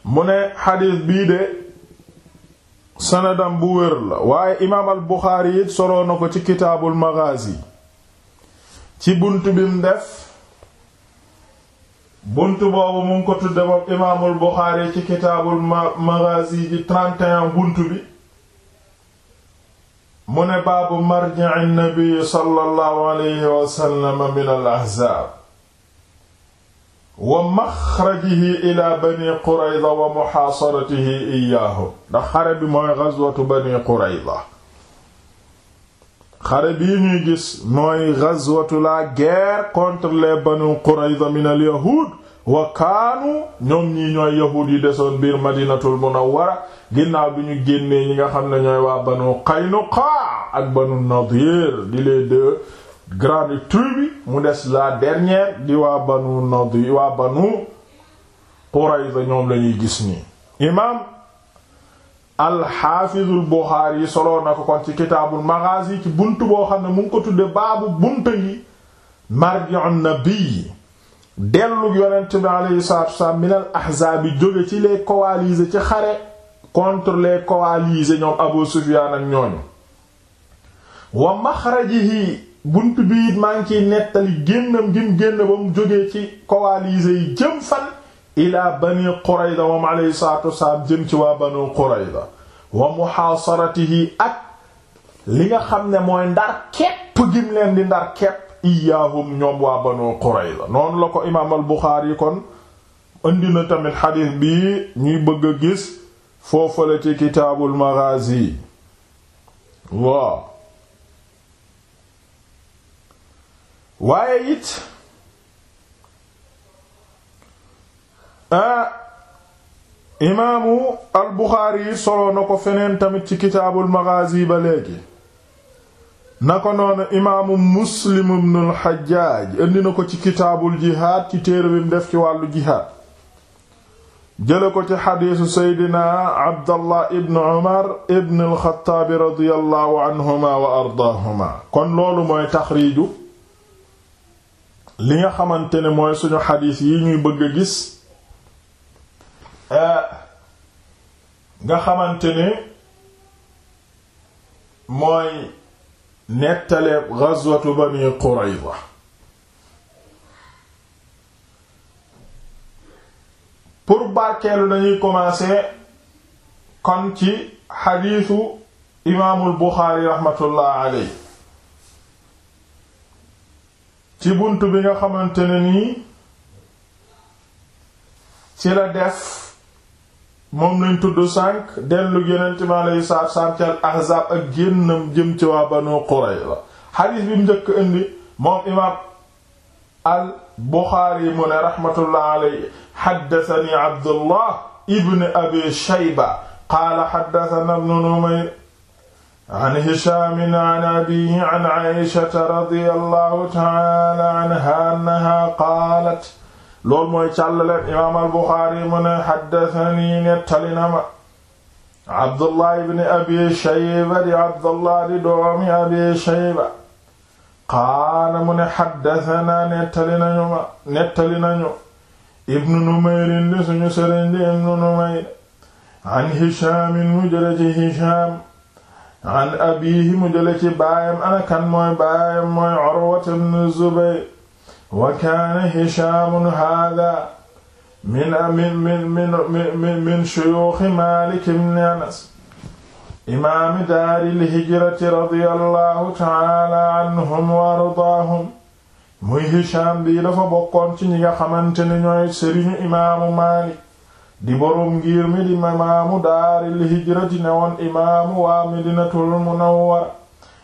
mu ne xadiis bii de sanadam bu wér la waaye imaam al buxaari it na ko ci kitaabul magaazi ci bunt bim def bunt boobu mu ngi ko tudde moom imaamul Buxaari ci kitaabul maghazi ji 31 bunt bi mu ne baabu marji'i nabi sallallahu alayhi wa sallam min al ahzaab wa maxrajihi ila bani Qurayza wa muhaasaratihi iyyaahu ndax xare bi mooy ghazwatu bani Qurayza xare bii ñuy gis mooy ghazwatu la guerre contre les banu Qurayza min al yahud wa kaanu ñoom ñii ñooy yahud yi desoon biir madinatul munawwara ginnaaw bi ñu génnee ñi nga xam ne ñooy waa banu Qaynuqa ak banu Nadir di les deux grandes tribus mu des la dernière di waa banu Nadir waa banu Qurayza ñoom lañuy gis nii alxaafizul Buxaari yi soloo na ko kon ci kitaabul maghazi ci bunt boo xam ne mu ngi ko tuddee baabu bunt yi marji'un nabi dellu yonent bi aleyhi salatu wasalaam min al jóge ci les coalisés ci xare contre les coalisés ñoom Abu Sufyaan ak ñooñu wa maxrajihi bunt bi it maa ngi nettali génnam gim génn ba mu jógee ci coalisés yi jëm fan ila bani qurayda moom alayhi salatu wasalaam jëm ci waa banu qurayda wa muhaasaratihi ak li nga xam ne mooy ndar kepp gim leen di ndar kepp iyaahum ñoom waa banu qurayda noonu la ko imaam al kon indi na tamit xadiis bi ñuy bëgg a gis foofale ci kitaabul maghazi waaw waaye it Ah, imaamu albuxaari yi soloo ko feneen tamit ci kitaabul maghazi ba léegi na ko noonu imaamu muslim ibnul xajjaaj indi ko ci kitaabul jihaad ci téere def ci wàllu jihaad jële ko ci xadiisu seydina abdallah ibn umar ibn alxataabi radiallahu anhuma wa ardaahuma kon loolu mooy taxriiju li nga xamante ne mooy suñu xadiis yi ñuy bëgg a gis Euh, nga xamante ne mooy nettalee ghazwatu Bani Qurayza pour barkeelu dañuy commencer kon ci xadiisu imaamul Buxaari raxmatullah aley ci bunt bi nga xamante ne nii ci la def moom lañ tudd sànq dellu yonent mi alayhi salaatu salaam ca ahzaab ak génnam jëm ci waa banu qurayza xadiis bi mu njëkk indi moom imaam al buxaari mu ne raxmatullah alayhi xaddatani abdullah ibn abi shayba qaala xaddatana ibnu numayr an Hishaam an abiihi an Aysata radiyallahu ta'aala anhaa annahaa qaalat loolu mooy càllale imaam al-Buxaari mu ne xaddatani nettali na ma Abdullah ibn Abi Shayba di Abdullah di doomi Abi Shayba qaala mu ne xaddatana nettali nañu ma nettali nañu ibnu Numayr di suñu di ibnu Numayr an mooy baayam mooy Urwa ibn Zubayr wa kaana Hishaam haadaa min min min min min shuyuuxi Maalik ibn Anas imaami daaril hijrati radiyallahu ta'aala anhum wa ardaahum muy Hishaam bii dafa bokkoon ci ñi nga xamante ne ñooy sëriñu imaamu Maalik di boroom ngir mi di imaamu daaril hijrati ne woon imaamu waa Madiinatul Munawwara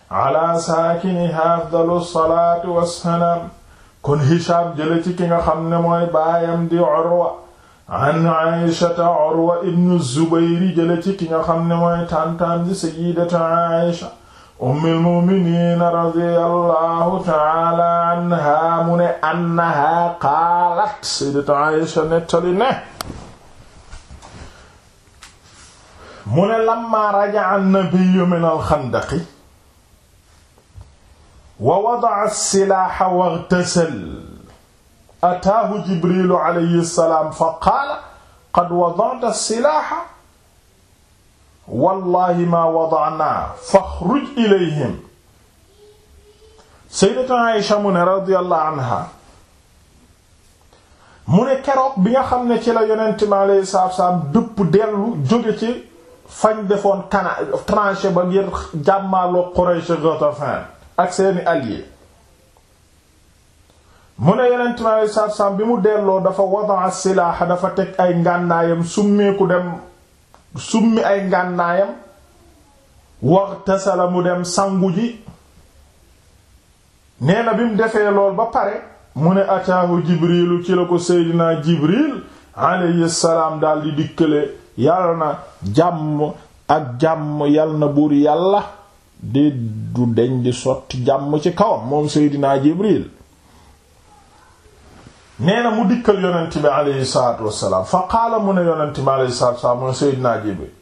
ala saakinihaa afdalu salaatu wassalaam kon Hisham jële ci ki nga xam ne mooy baayam di Urwa an Aïshata Urwa ibnu Zubayr jële ki nga xam ne mooy tantaan di sayyidatu Aïsha ummul mu'miniin radiyallahu ta'ala anha mu ne annaha qaalat sayyidatu Aïsha nettali ne mu ne lamma raja'a an min al wa wada'a as-silaaha waghtasala ataahu Jibriil alayhi salaam fa qaala qad wada'ta as-silaaha wallaahi maa wada'naa fakhruj ilayhim sayyidatuna Aysha mu ne radiyallahu anha mu ne keroog bi nga xam ne ci la yonent mi alayhi salaatu salaam dëpp dellu jóge ci fañ defoon kana tranché ba ngir jàmmaloo Quraysh Ghatafaan ak seeni alliés mu ne yeneen tunaay saabsaab bi mu delloo dafa wada'a silaaxa dafa teg ay ngànnaayam summeeku dem summi ay ngànnaayam waxtasala mu dem sangu ji nee na bi mu defee lool ba pare mu ne ataahu jibrilu ci la ko seydinaa jibril alayhi salaam daal di dikkale yàlla na jàmm ak jàmm yàlla na buur yàlla di du deñ di sotti jàmm ci kawam moom seydinaa jibril nee na mu dikkal yonent bi aleyhi salaatu wassalaam fa mu ne yonent bi aleyhi salaatu wassalaam mooy seydinaa jibril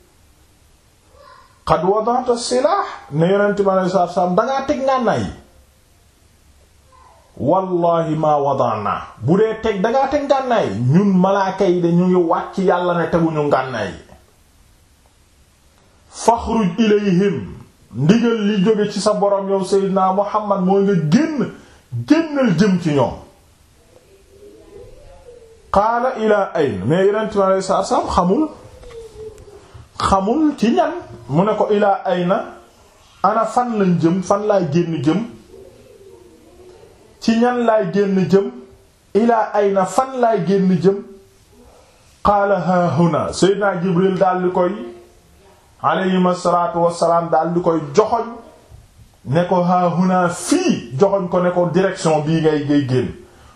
qad wada'ta silaah ne yonent bi aleyhi salaatu wassalaam dangaa teg ngànnaay yi maa wada'naa bu dee teg dangaa teg ngànnaay ñun malaaka yi de ñu ngi wàcc yàlla ne teguñu ngànnaay yi ilayhim ndigal li jóge ci sa borom yow Seydina Muhammad mooy nga génn génnal jëm ci ñoom qaala ila ayn mais yeneen xamul xamul ci ne ko ila ayna ana fan lañ jëm fan laay génn jëm ci ñan laay génn jëm ila ayna fan laay génn jëm qaala ha huna Seydina Jibril daal di koy alayhim asalaatu wasalaam daal di koy joxoñ ne ko haahuna fii joxoñ ko ne ko direction bii ngay ngay génn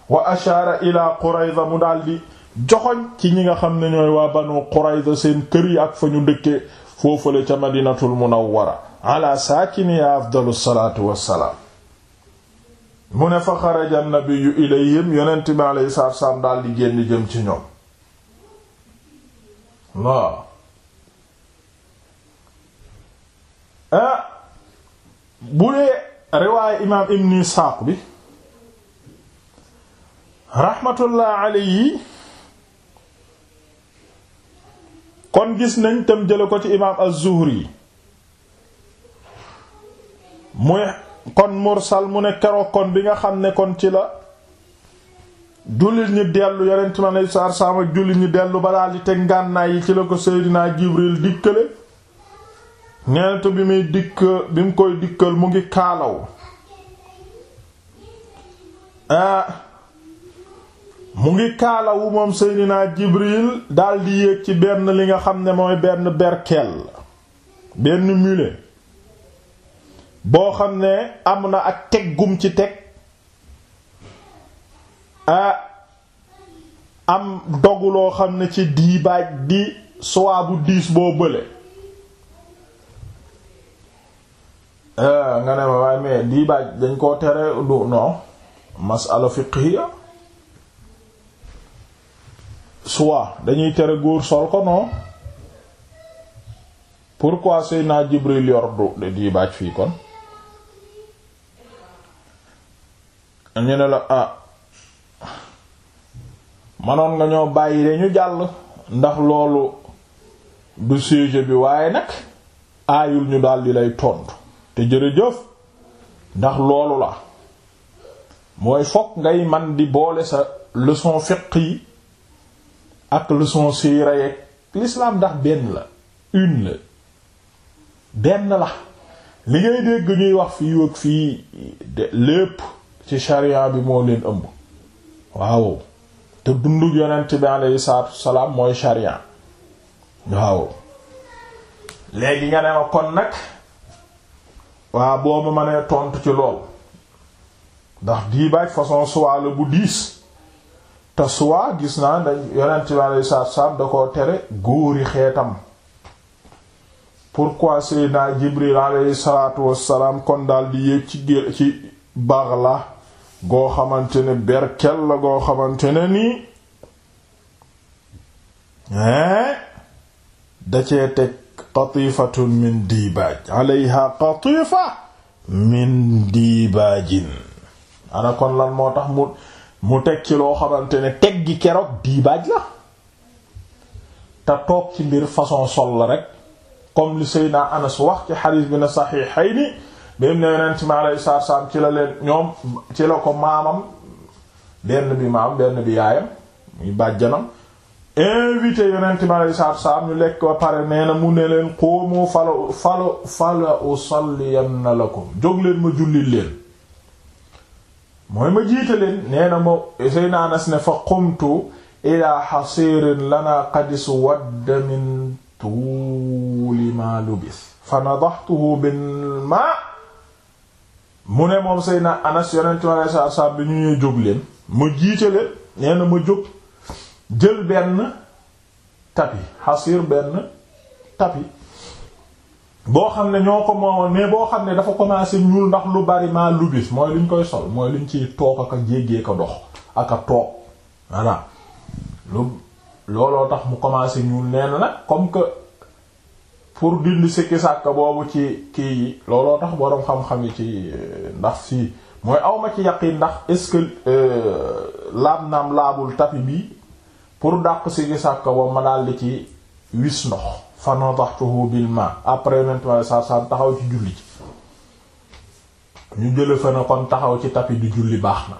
wa ashaara ila Qurayza mu daal di joxoñ ci ñi nga xam ne ñooy waa banu Qurayza seen kër yi ak fa ñu dëkkee foofale ca madinatul munawwara ala saakini ya afdalu salaatu wassalaam mu ne fa xaraja nabiyyu ilayhim yonent bi alayhi salaatu wassalaam daal di génn jëm ci ñoom waaw ah bu dee riwaaye imaam ibn Isaaq bi rahmatullah yi kon gis nañ tam jële ko ci imaam az-Zuhri muy kon mursal mu ne keroog kon bi nga xam ne kon ci la jullit ñi dellu yonent ma nay sa saama jullit ñi dellu ba daal di te ngànnaay yi ci la ko Seydina Jibril dikkale neent bi muy dikk bi mu koy dikkal mu ngi kaalaw ah, mu ngi kaalawu moom seydinaa Jibril daldi yéeg ci benn li nga xam ne mooy benn berkel benn mulet boo xam ne am na ak teggum ci teg ah am dogu loo xam ne ci diibaaj di soie diis boo bële nga ne ma waaye mais diibaaj dañ koo tere du non masala fiqhiya soit dañuy tere góor sol ko non pourquoi sëy naa Jibril yor du diibaaj fii kon ñu ne la ah manoon nga ñoo bàyyi de ñu jàll ndax loolu du sujet bi waaye nag aayul ñu daal di lay tontu te jërëjëf ndax loolu la mooy fokk ngay man di boole sa leçon fiqh yi ak leçon siira yeeg l'islam ndax benn la une la benn la li ngay dégg ñuy wax fii ak fii lépp ci sharia bi moo leen ëmb waaw te dundu yonent bi alayhi salaatu salaam mooy sharia waaw léegi nga ne ma kon nag waa boo ma mënee tontu ci lool ndax diibaaj façon soit la bu diis te soit gis naa dañ yonent ci alayhi salaatu salaam da koo tere góori xeetam pourquoi Seydina Jibril alayhi salaatu wassalaam kon daal di yéeg ci gé ci baax la goo xamante ne berkel la goo xamante ne nii da cee teg qatifatun min diibaaj ana kon lan moo tax mu mu teg ci loo xamante ne teg gi keroog diibaaj la te toog ci mbir façon sol la rek comme li Seydina Anas wax ci xadiis bi na saxiixayni bim ne yonent mi alayhi salaatu salaam ci la leen ñoom ci la ko maamam benn bi maamam benn bi yaayam muy bàjjanam invité yonent bi alei saatu ñu lekk ba pare nee na mu ne leen xoomoo falo falo fala usalliyanna lakum jóg leen ma jullil leen mooy ma jiite leen nee na ma Seydina Anas ne fa qumtu ila xasiirin lana qadis wadda min tuuli ma lubis fa nadaxtuhu bil ma mu ne moom Seydina Anas yonent bi alei saatu salaam bi ñu ñuy jóg leen ma jiite leen nee na ma jóg jël benn tapi xasir benn tapi boo xam ne ñoo ko moomoon mais boo xam ne dafa commencé ñuul ndax lu bari maa lubis mooy luñ koy sol mooy luñ ciy toog ak a jéggee ko dox ak a toog voilà looloo tax mu commencé ñuul nee na nag comme que pour dindi sikki sàkk boobu ci kii yi looloo tax boroom xam-xam yi ci euh, ndax fii mooy awma ci yaqin ndax est-ce que euh, laab naam laabul tapi bi pour dàq si gi sàkka ma daal di ci wis ndox fa nadaxtuhu bil ma après yonent ma sa sa taxaw ci julli ci ñu jële fa na kon taxaw ci tapi di julli baax na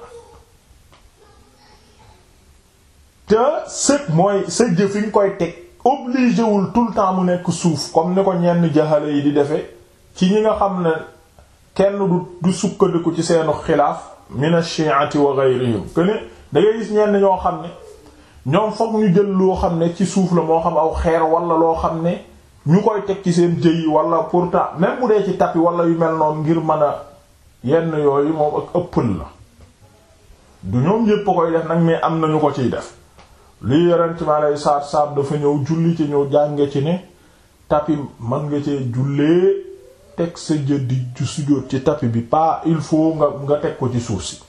te sëg mooy sa jëf yi nga koy teg obligé wul tout le temps mu nekk suuf comme ni ko ñenn jaxale yi di defe ci ñi nga xam ne kenn du du sukkandiku ci seenu xilaaf mina shi'ati wa ghayrihim que ne da ngay gis ñenn ñoo xam ne ñoom fokk ñu jël loo xam ne ci suuf la moo xam aw xeer wala loo xam ne ñu koy teg ci seen jëy wala pourtant même bu dee ci tapi wala yu mel noonu ngir mën a yenn yooyu moom ak ëppal la du ñoom yépp koy def nag mais am nañu ko ciy def li yonent mi aleyhi salaatu salaam dafa ñëw julli ci ñëw jànge ci ne tapi mën nga cee jullee teg sa jë di ju sujjóot ci tapi bi pas il faut nga teg ko ci suuf si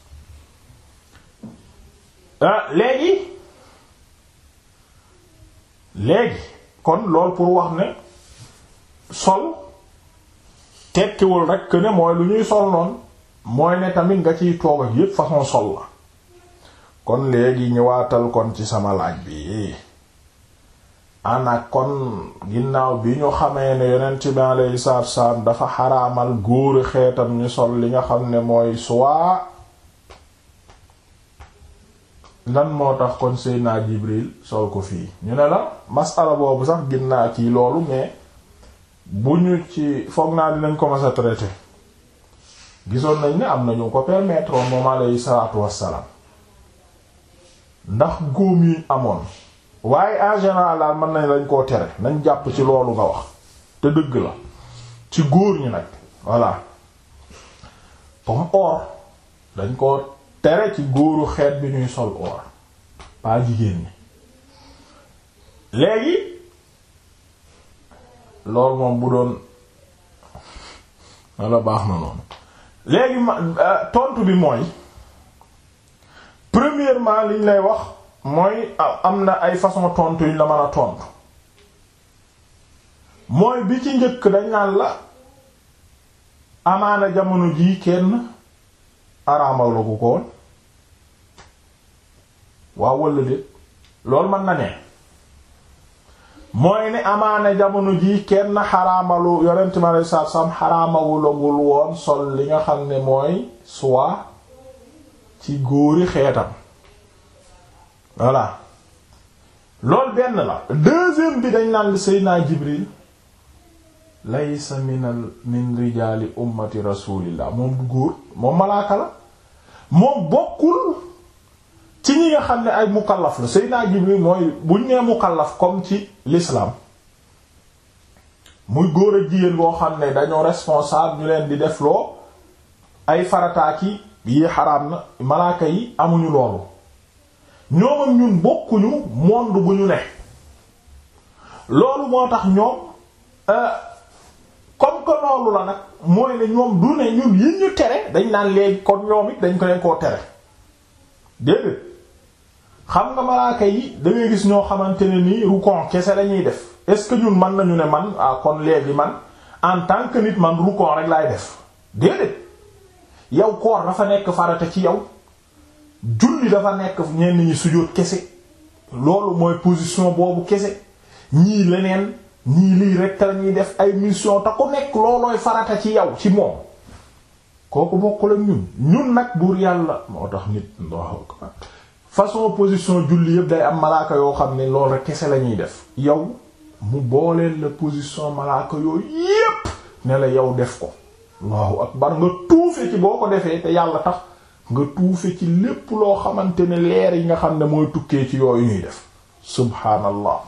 ah, léegi léegi kon lool pour wax ne sol tekkiwul rekk ne mooy lu ñuy sol noonu mooy ne tamit nga ciy toog ak yépp façon sol la kon léegi ñëwaatal kon ci sama laaj bi ana kon ginnaaw bi ñu xamee ne yonent bi alayhi salaatu salaam dafa xaraamal góori xeetam ñu sol li nga xam ne mooy soit lan moo tax kon naa Jibril soo ko fii ñu ne la masala boobu sax ginnaa ci loolu mais bu ñu ci foog naa dinañ commencer traité gisoon nañ ne am nañu ko permettre moom alayhi wassalaam ndax góom yi amoon waaye en général mën nañ lañ koo tere nañ jàpp ci loolu nga wax te dëgg la ci góor ñi nag voilà comme or dañ ko tere ci góoru xeet bi ñuy sol oor pas jigéen ñi léegi loolu moom bu doon walla baax na noonu léegi ma euh, tontu bi mooy premièrement liñ lay wax mooy am na ay façon tontu yuñ la mën a tontu mooy bi ci njëkk dañ la amaana jamono jii kenn araamal la ko koon waaw walla déet loolu man na ne mooy ne amaane jamono ji kenn xaraamalu yonent ma lay saab sam xaraamawulagul woon sol li nga xam ne mooy soie ci góori xeetam voilà lool benn la deuxième bi dañ naan Seydina Jibril laysa minal min rijaali ummati rasulillah moom du góor moom malaaka la moom bokkul ci ñi nga xam ne ay mukallaf la Seydina Jibril mooy buñ nee mukallaf comme ci lislaam muy góor a jigéen boo xam ne dañoo responsable ñu leen di def loo ay farataaki yi xaraam na malaaka yi amuñu loolu ñoom ak ñun bokkuñu monde bu ñu ne loolu moo tax ñoom euh, comme que loolu la nag mooy ne ñoom du ne ñun yi ñu tere dañ naan léegi kon ñoom it dañ ko leen koo tere xam nga malaaka yi da gis ñoo xamante ne nii rukon kese la ñuy def est-ce que ñun mën nañu ne man ah kon léegi man en tant que nit man rukon rek laay def déedéet yow koor dafa nekk farata ci yow julli dafa nekk ñenn ñi sujjóot kese loolu mooy position boobu kese ñii leneen ñii lii rek la ñuy def ay mission te ku nekk loolooy farata ci yow ci moom kooku bokkul ak ñun ñun nag buur yàlla moo tax nit ndox façon position julli yëpp day am malaaka yoo xam ne loolu rek kese la ñuy def yow mu booleel la position malaaka yooyu yépp ne la yow def ko allahu akbar nga tuufe ci boo ko defee te yàlla tax nga tuufe ci lépp loo xamante ne leer yi nga xam ne mooy tukkee ci yooyu ñuy def subhaanallah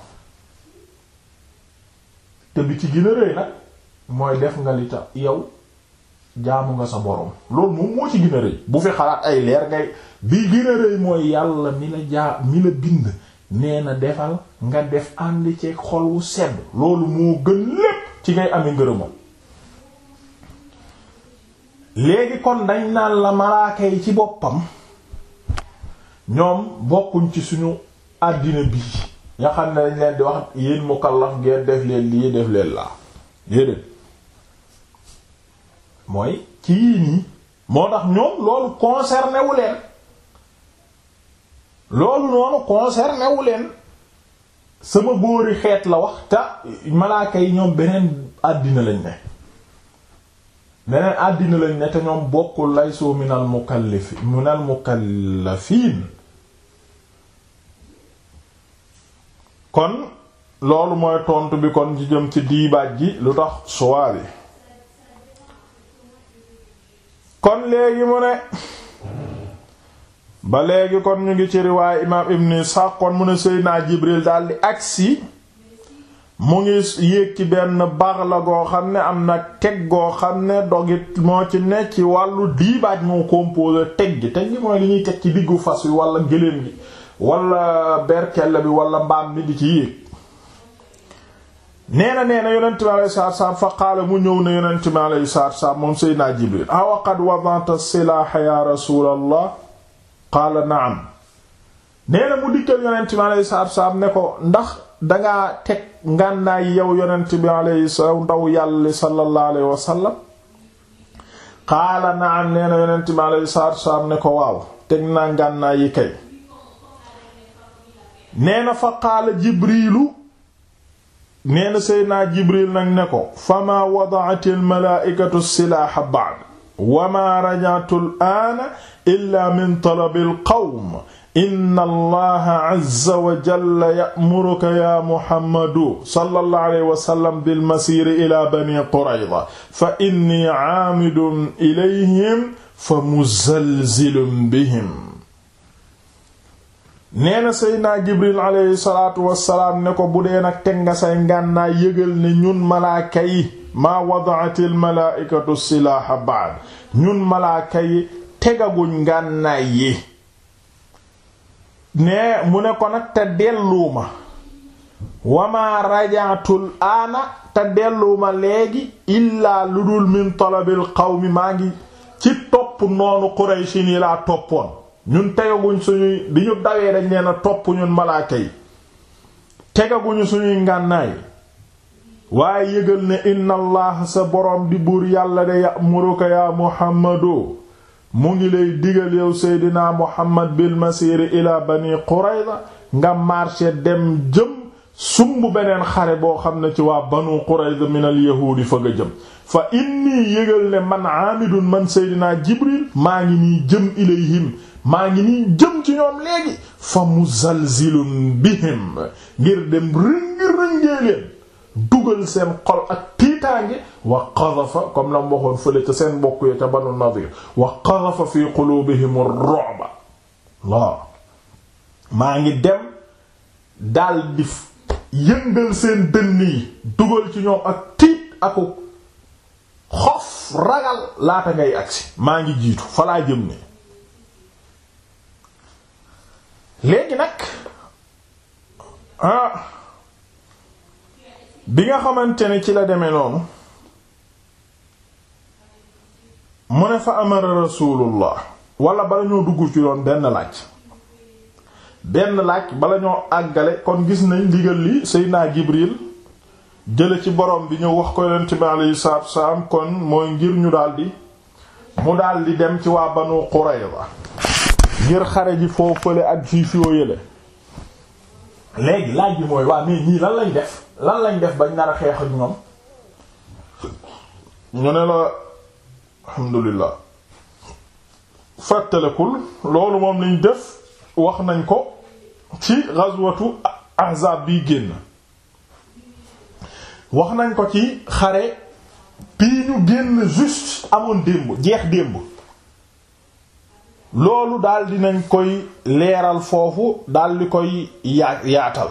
te bi ci gën a nag mooy def nga li tax yow jaamu nga sa borom loolu moom moo ci gën rëy bu fi xalaat ay leer ngay bi gën rëy mooy yàlla mi la jaa mi la bind nee defal nga def ànd ceeg xol wu sedd loolu moo gën lépp ci ngay amee ngërëmam léegi kon dañ naan la malaaka yi ci boppam ñoom bokkuñ ci suñu àddina bi nga xam ne dañ leen di wax yéen mukallaf ngeen def leen lii def leen laa déedéet mooy ci yii nii moo tax ñoom loolu concerné wu leen loolu noonu concerné wu leen sama góori xeet la wax te malaaka yi ñoom beneen àddina lañ ne beneen àddina lañ ne te ñoom bokkul lay soo minal mukallifi minal fii kon loolu mooy tontu bi kon ci jëm ci diibaaj gi lu tax suwaa bi kon léegi mu ne ba léegi kon ñu ngi ci riwaay imaam ibn Ishaq kon mu ne Seydina Jibril daldi agsi mu ngi yéeg ci benn baax la goo xam ne am na teg goo xam ne dogit moo ci ne ci wàllu diibaaj moo composé teg gi teg gi mooy li ñuy teg ci biggu fas wi wala gëléem gi wala berkelle bi wala mbaam bi di ci yéeg neena neena yonent bi alayhi salaatu salaam fa qaala mu ñëw ne yonent bi alayhi salaatu salaam moom Seydina Jibril awa qad wadanta silaaha ya rasuulallah qaala na'am neena ne ko ndax dangaa teg yow yonent bi alayhi ndaw yàlla sallallahu alayhi wasallam qaala na'am neena yonent bi alayhi salaatu salaam ne ko waaw teg naa ngànnaay yi kay neena fa qaala Jibriilu nee na seydinaa jibril nag ne ko fama wadaat almalaaikatu silaaha ba'd wa ma raja'tu al'aana illa min talabi alqawm inna allaha azza wa jalla ya'muruka ya muhammadu sallallahu alayhi wa sallam bilmasiri ila bani qurayza fa inni aamidun ilayhim fa muzalzilun bihim nee na seydinaa jibril aleyhi salaatu wassalaam ne ko bu dee nag teg nga say ngànnaay yëgal ne ñun malaaka yi maa wadaatil malaaikatu silaaha baad ñun malaaka yi tegaguñ ngànnaay yi nee mu ne ko nag te delluuma wamaa rajaatul aana te delluuma léegi illaa lu dul min talabil qawmi maa ngi ci topp noonu qurayshi nii laa toppoon ñun tegaguñ suñuy di ñu dawee dañ leen a topp ñun malaaka yi tegaguñu suñuy ngànnaay waaye yëgal ne inna allah sa borom di buur yàlla de ya'muruka ya muhammadu mu ngi lay digal yow seydinaa muhammad bil masiri ila bani qurayza nga marché dem jëm sumb beneen xare boo xam ne ci waa banu qurayza minal yahuudi fa nga jëm fa inni yëgal ne man aamidun man seydinaa jibril maa ngi nii jëm ilayhim maa ngi nii jëm ci ñoom léegi fa muzalzilun bihim ngir dem rëngi rëngee dugal seen xol ak tiitaange wa qadhafa comme la mu fële ca seen mbokk ya ca banu nadir wa qadhafa fi qulubihim ar-ru'ba maa ngi dem daal daldi yëngal seen dënn yi dugal ci ñoom ak tiit aku xof ragal laata ngay agsi maa ngi jiitu falaa jëm ne léegi nag ah, bi nga xamante ni ci la demee noonu mu ne fa amara rasulullah wala bala ñoo dugg ci doon benn laaj benn laaj bala ñoo àggale kon gis nañ ndigal li Seydina Jibril jële ci borom bi ñëw wax ko yonent bi alayhi salaatu wa salaam kon mooy ngir ñu daldi mu daldi dem ci waa Banu Qurayza ngir xare ji foo fële ak juif yoo yële léegi laaj bi mooy waa mais ñii lan lañ def lan lañ def bañ nar a xeex moom ñoom ñu ne la alhamdulillah fàttalekul loolu moom liñ def wax nañ ko ci ghazwatu ahzab bi génn wax nañ ko ci xare bii ñu génn juste amoon démb jeex démb loolu daldi nañ koy leeral foofu daldi koy yaa yaatal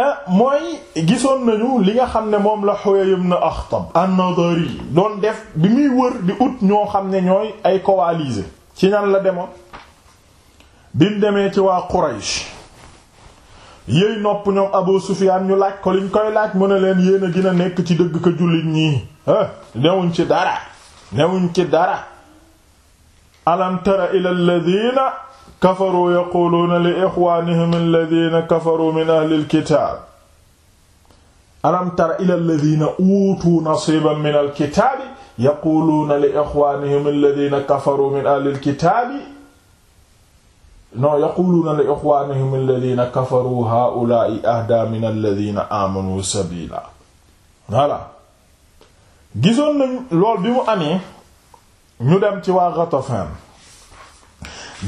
eh, mooy gisoon nañu li nga xam ne moom la Huyay ibn na an-Nadari doon def bi muy wër di ut ñoo xam ne ñooy ay coalisés ci ñan la demoon bi mu demee ci waa Quraysh yéy nopp ñoom Abu Sufyaan ñu laaj ko liñ koy laaj mu leen yéen a gën nekk ci dëgg ko jullit ñi eh, newuñ ci dara newuñ ci dara alam tara ila alladhina kafaru yaquluuna li ixwaanihim alladhina kafaru min ahli alkitaab alam tara ila alladhina uutuu nasiiban min alkitaabi yaquluuna li ixwaanihim alladhina kafaru min ahli alkitaabi non yaquluuna li ixwaanihim alladhina kafaru haa'ulaa'i ahdaa min alladhina aamanuu sabiilaa voilà gisoon nañ lool bi mu amee ñu dem ci waa Ghatafan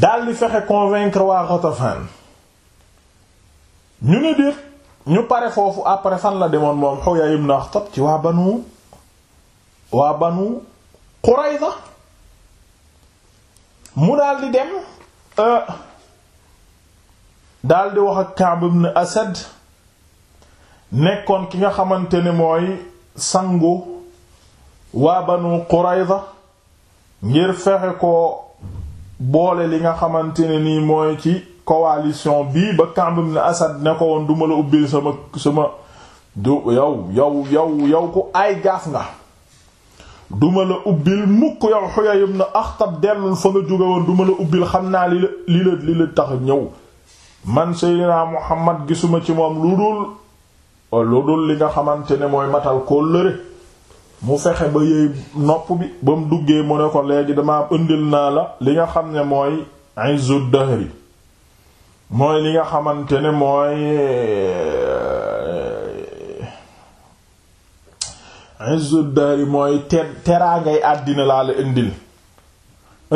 daal di fexe convaincre waa Ghatafan ñu ne déet ñu pare foofu après fan la demoon moom Huyay ibn Akhtab ci waa banu waa banu Qurayza mu daal di dem euh, daal di wax ak Ka'b ibn Asad nekkoon ki nga xamante ne mooy sangu waa banu Qurayza ngir fexe ko boole li nga xamante ne nii mooy ci coalition bii ba Ka'b ibn Asad ne ko woon duma la ubbil sama sama du yow yow yow yow ku ay gaaf nga duma la ubbil mukk yow Huyay ibn Akhtab dellul fa nga jóge woon duma la ubbil xam naa li la li la li la tax ñëw man Seydina Muhammad gisuma ci moom lu dul lu dul li nga xamante ne mooy matal kóllëre mu fexe ba yëy nopp bi ba mu duggee mu ne ko léegi damaa indil naa la li nga xam ne mooy izzu dahri mooy li nga xamante ne mooy eh, izzu dahri mooy ter teraangay àddina laa la indil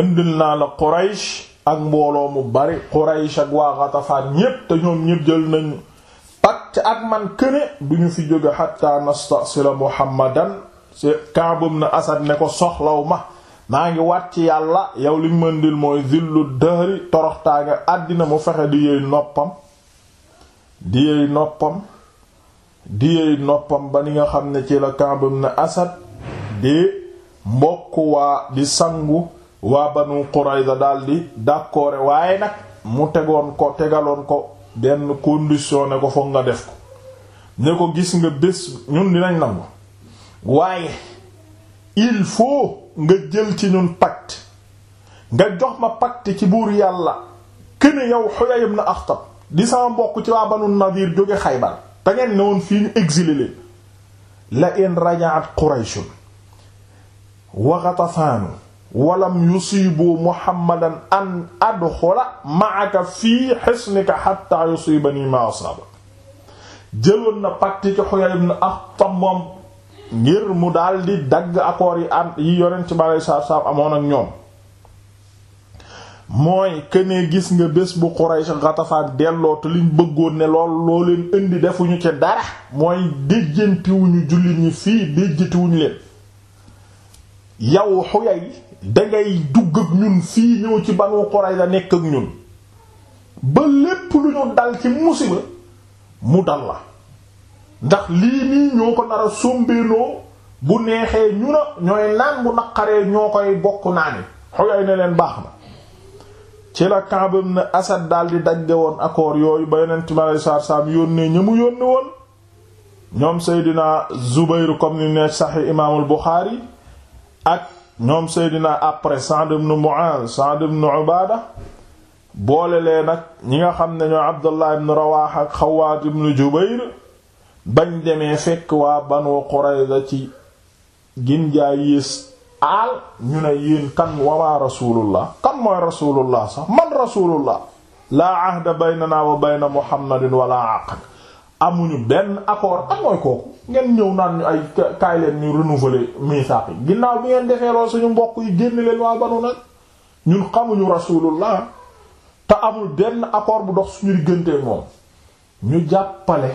indil naa la Quraysh ak mbooloo mu bari Quraysh ak waa Ghatafan ñépp te ñoom ñépp jël nañu pacte ak man këne ñu fi jóge hatta nastasila Muhammadan kaabum na asad ne ko soxlaw ma maa ngi wat ci yàlla yow li mën mëndil mooy zillu dëhëri toroxtaange àddina mu fexe di yeey noppam di yeey noppam di noppam ba ni nga xam ne ci la kaabum na asad di mbokk waa di sangu waa banu Qurayza daldi d'accord waaye nag mu tegoon ko tegaloon ko benn condition ne ko foog nga def ko ne ko gis nga bés ñun dinañ nangu waaye il faut nga jël ci ñun pacte nga jox ma pacte ci buur yàlla këne yow Huyay ibn Akhtab di sama mbokk ci waa Banu Nadir jóge Xaybar te ngeen ne woon fii ñu exilé leen la in rajaat Quraysh wa Ghatafan mu yusibu Muhammadan an adxula ma'aka fii hisnika hatta yusibani ma asaba jëloon na pacte ci Huyay ibn Akhtab moom ngir mu daldi dagg accords yi am yi yonent bi aleyhi salaatu salaam amoon ak ñoom mooy kënee gis nga bés bu Quraysh Ghatafaan delloo te liñ bëggoon ne lool loo indi defuñu ci dara mooy déjjantiwuñu jullit ñi fii déjjatiwuñu leen yow Huyay dangay dugg ak ñun fii ñëw ci Banu Qurayza nekk ak ñun ba lépp lu ñu dal ci musiba mu dal la ndax lii nii ñoo ko nar a sombeenoo bu neexee ñu na ñooy naan naqaree ñoo koy bokk naani xoyay ne leen baax na ci la Kaab ibn Asad daal di dagge woon accord yooyu ba yonent mi alei saatu salaam yónnee ñi yónni woon ñoom Seydina Zubayr comme ni ne saxi imaamul Buxaari ak ñoom Seydina après Sa'd ibn Mu'az Sa'd ibn Ubaada boole lee nag ñi nga xam ne ñoo Abdullah ibn Rawaaha ak Xawaat ibn Jubayr bañ demee fekk waa Banu Qurayza ci ginjaa yées aal ñu ne yéen kan wamaa rasulullah kan mooy rasulullah sax man rasulullah laa ahda baynana wa bayna muhammadin wala aqd amuñu benn accord ak mooy kooku ngeen ñëw naan ñu ay kaay leen ñu renouveler misaaq yi ginnaaw bi ngeen defee lool suñu mbokk yi génn leen waa banu nag ñun xamuñu rasulullah te amul benn accord bu dox suñu diggante moom ñu jàppale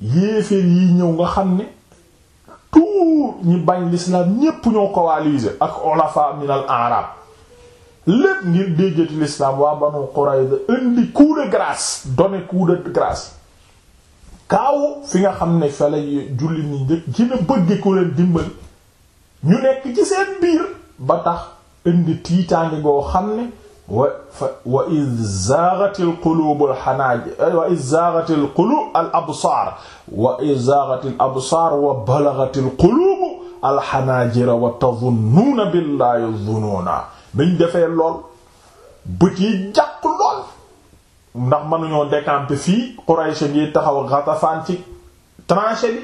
yéeféer yi ñëw nga xam ne tout ñi bañ l'islam ñépp ñoo coalisé ak olafa min al lépp ngir déggati l'islam waa Banu Qurayza indi coup de grâce donné coup de grâce kaaw fi nga xam ne felay julli ni njëkk gina bëgge ko leen dimbal ñu nekk ci seen biir ba tax indi tiitaange goo xam ne wa id zaagat alqulubu alxanaaj wa id zaagat alqulub al absaar wa id zaagat al absaar wa balagat alqulubu alxanaajira wa tadunnuuna billaahi dunuuna biñ defee lool bët yi jàq lool ndax mënuñoo décamper fii Quraysh ngi taxaw Ghatafaan ci tranchée bi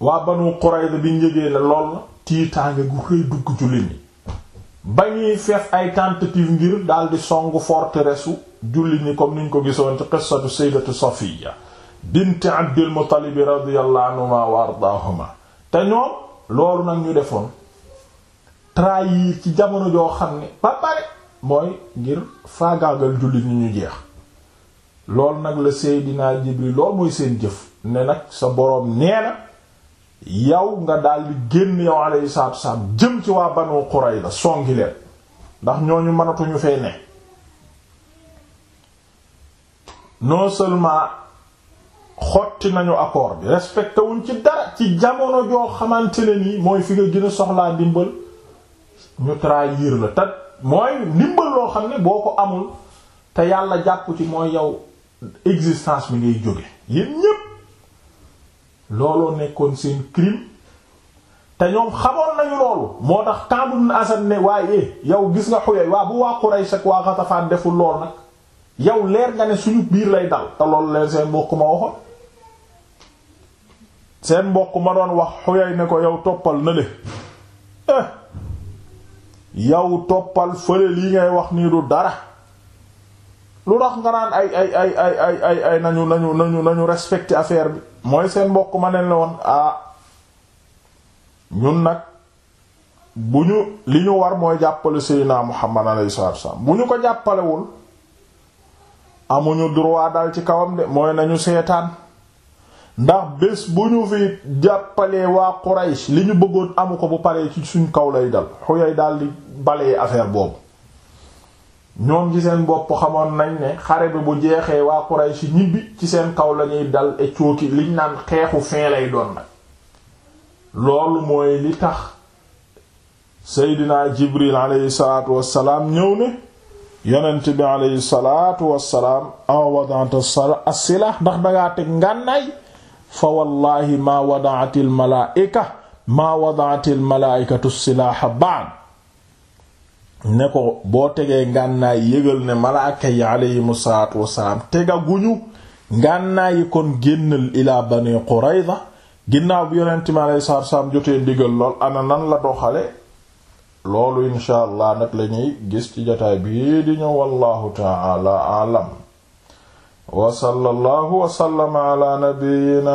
waa Banu Qurayza bi njëgee ne lool tiitaange gu rëy dugg jullit ñi ba ñuy feef ay tentative ngir daldi songu forteresse u jullit ñi comme niñ ko gisoon ci qissatu sayyidatu Safiya bint Abdul Muttalib radiyallahu anhuma wa ardaahuma te ñoom loolu nag ñu defoon yi ci jamono joo xam ne ba pare mooy ngir faagaagal jullit ñi ñu jeex loolu nag la Seydina Jibril loolu mooy seen jëf ne nag sa boroom nee yow nga daldi génn yow alayhi salaatu wasalaam jëm ci waa Banu Qurayza songi leen ndax ñooñu mënatuñu fee ne non seulement xotti nañu accord bi respecté ci dara ci jamono joo xamante ne nii mooy fi nga gën a soxlaa ndimbal ñu trahir la tat mooy ndimbal xam ne boo ko amul te yàlla jàpp ci mooy yow existence bi ngay jóge yéen ñépp looloo nekkoon seen crime te ñoom xamoon nañu loolu moo tax Kaabun Asan ne waaye yow gis nga Huyay waa bu waa Quraysh ak waa Xatafaan deful lool nag yow leer nga ne suñu biir lay dal te loolu leen seen mbokk ma waxoon seen mbokk ma doon wax Huyay ne ko yaw toppal na le eh, yow toppal fële lii ngay wax nii du dara lu tax nga naan ay ay ay ay ay ay ay nañu nañu nañu nañu respecté affaire bi mooy seen mbokk ma ne la woon ah ñun nag bu ñu li ñu war mooy jàppale Seydina Muhammad alayhi salaatu wasallam bu ñu ko jàppalewul amuñu droit dal ci kawam de mooy nañu seetaan ndax bés bu ñu fi jàppalee waa Quraysh li ñu bëggoon amu ko bu paree ci suñ kaw lay dal xuyay daal di balee affaire boobu ñoom ci seen bopp xamoon nañ ne xare bi bu jeexee waa Quraysh ñibbi ci seen kaw lañuy dal e cooki liñ naan xeexu fin lay doon nag loolu mooy li tax seydinaa Jibril aleyhi salaatu wassalaam ñëw ne yonent bi aleyhi salaatu wassalaam ama wadaata as-silah ndax dangaa teg ngànnaay fa wallahi ma wadaatil malaa'ika ma wadaatil malaa'ikatu as-silaha ne ko boo tegee ngànnaay yëgal ne malaaka yi aleyhimu salaatu wassalaam tegaguñu ngànnaay yi kon génnal ilaa bani qurayza ginnaaw bi yonent mi aleyhi salaatu wassalaam jotee ndigal lool ana nan la doxale loolu insha allah nag lañuy gis ci jotaay bii di ñëw wallahu ta'ala a'lam wa sallallahu wa sallama ala nabiyyina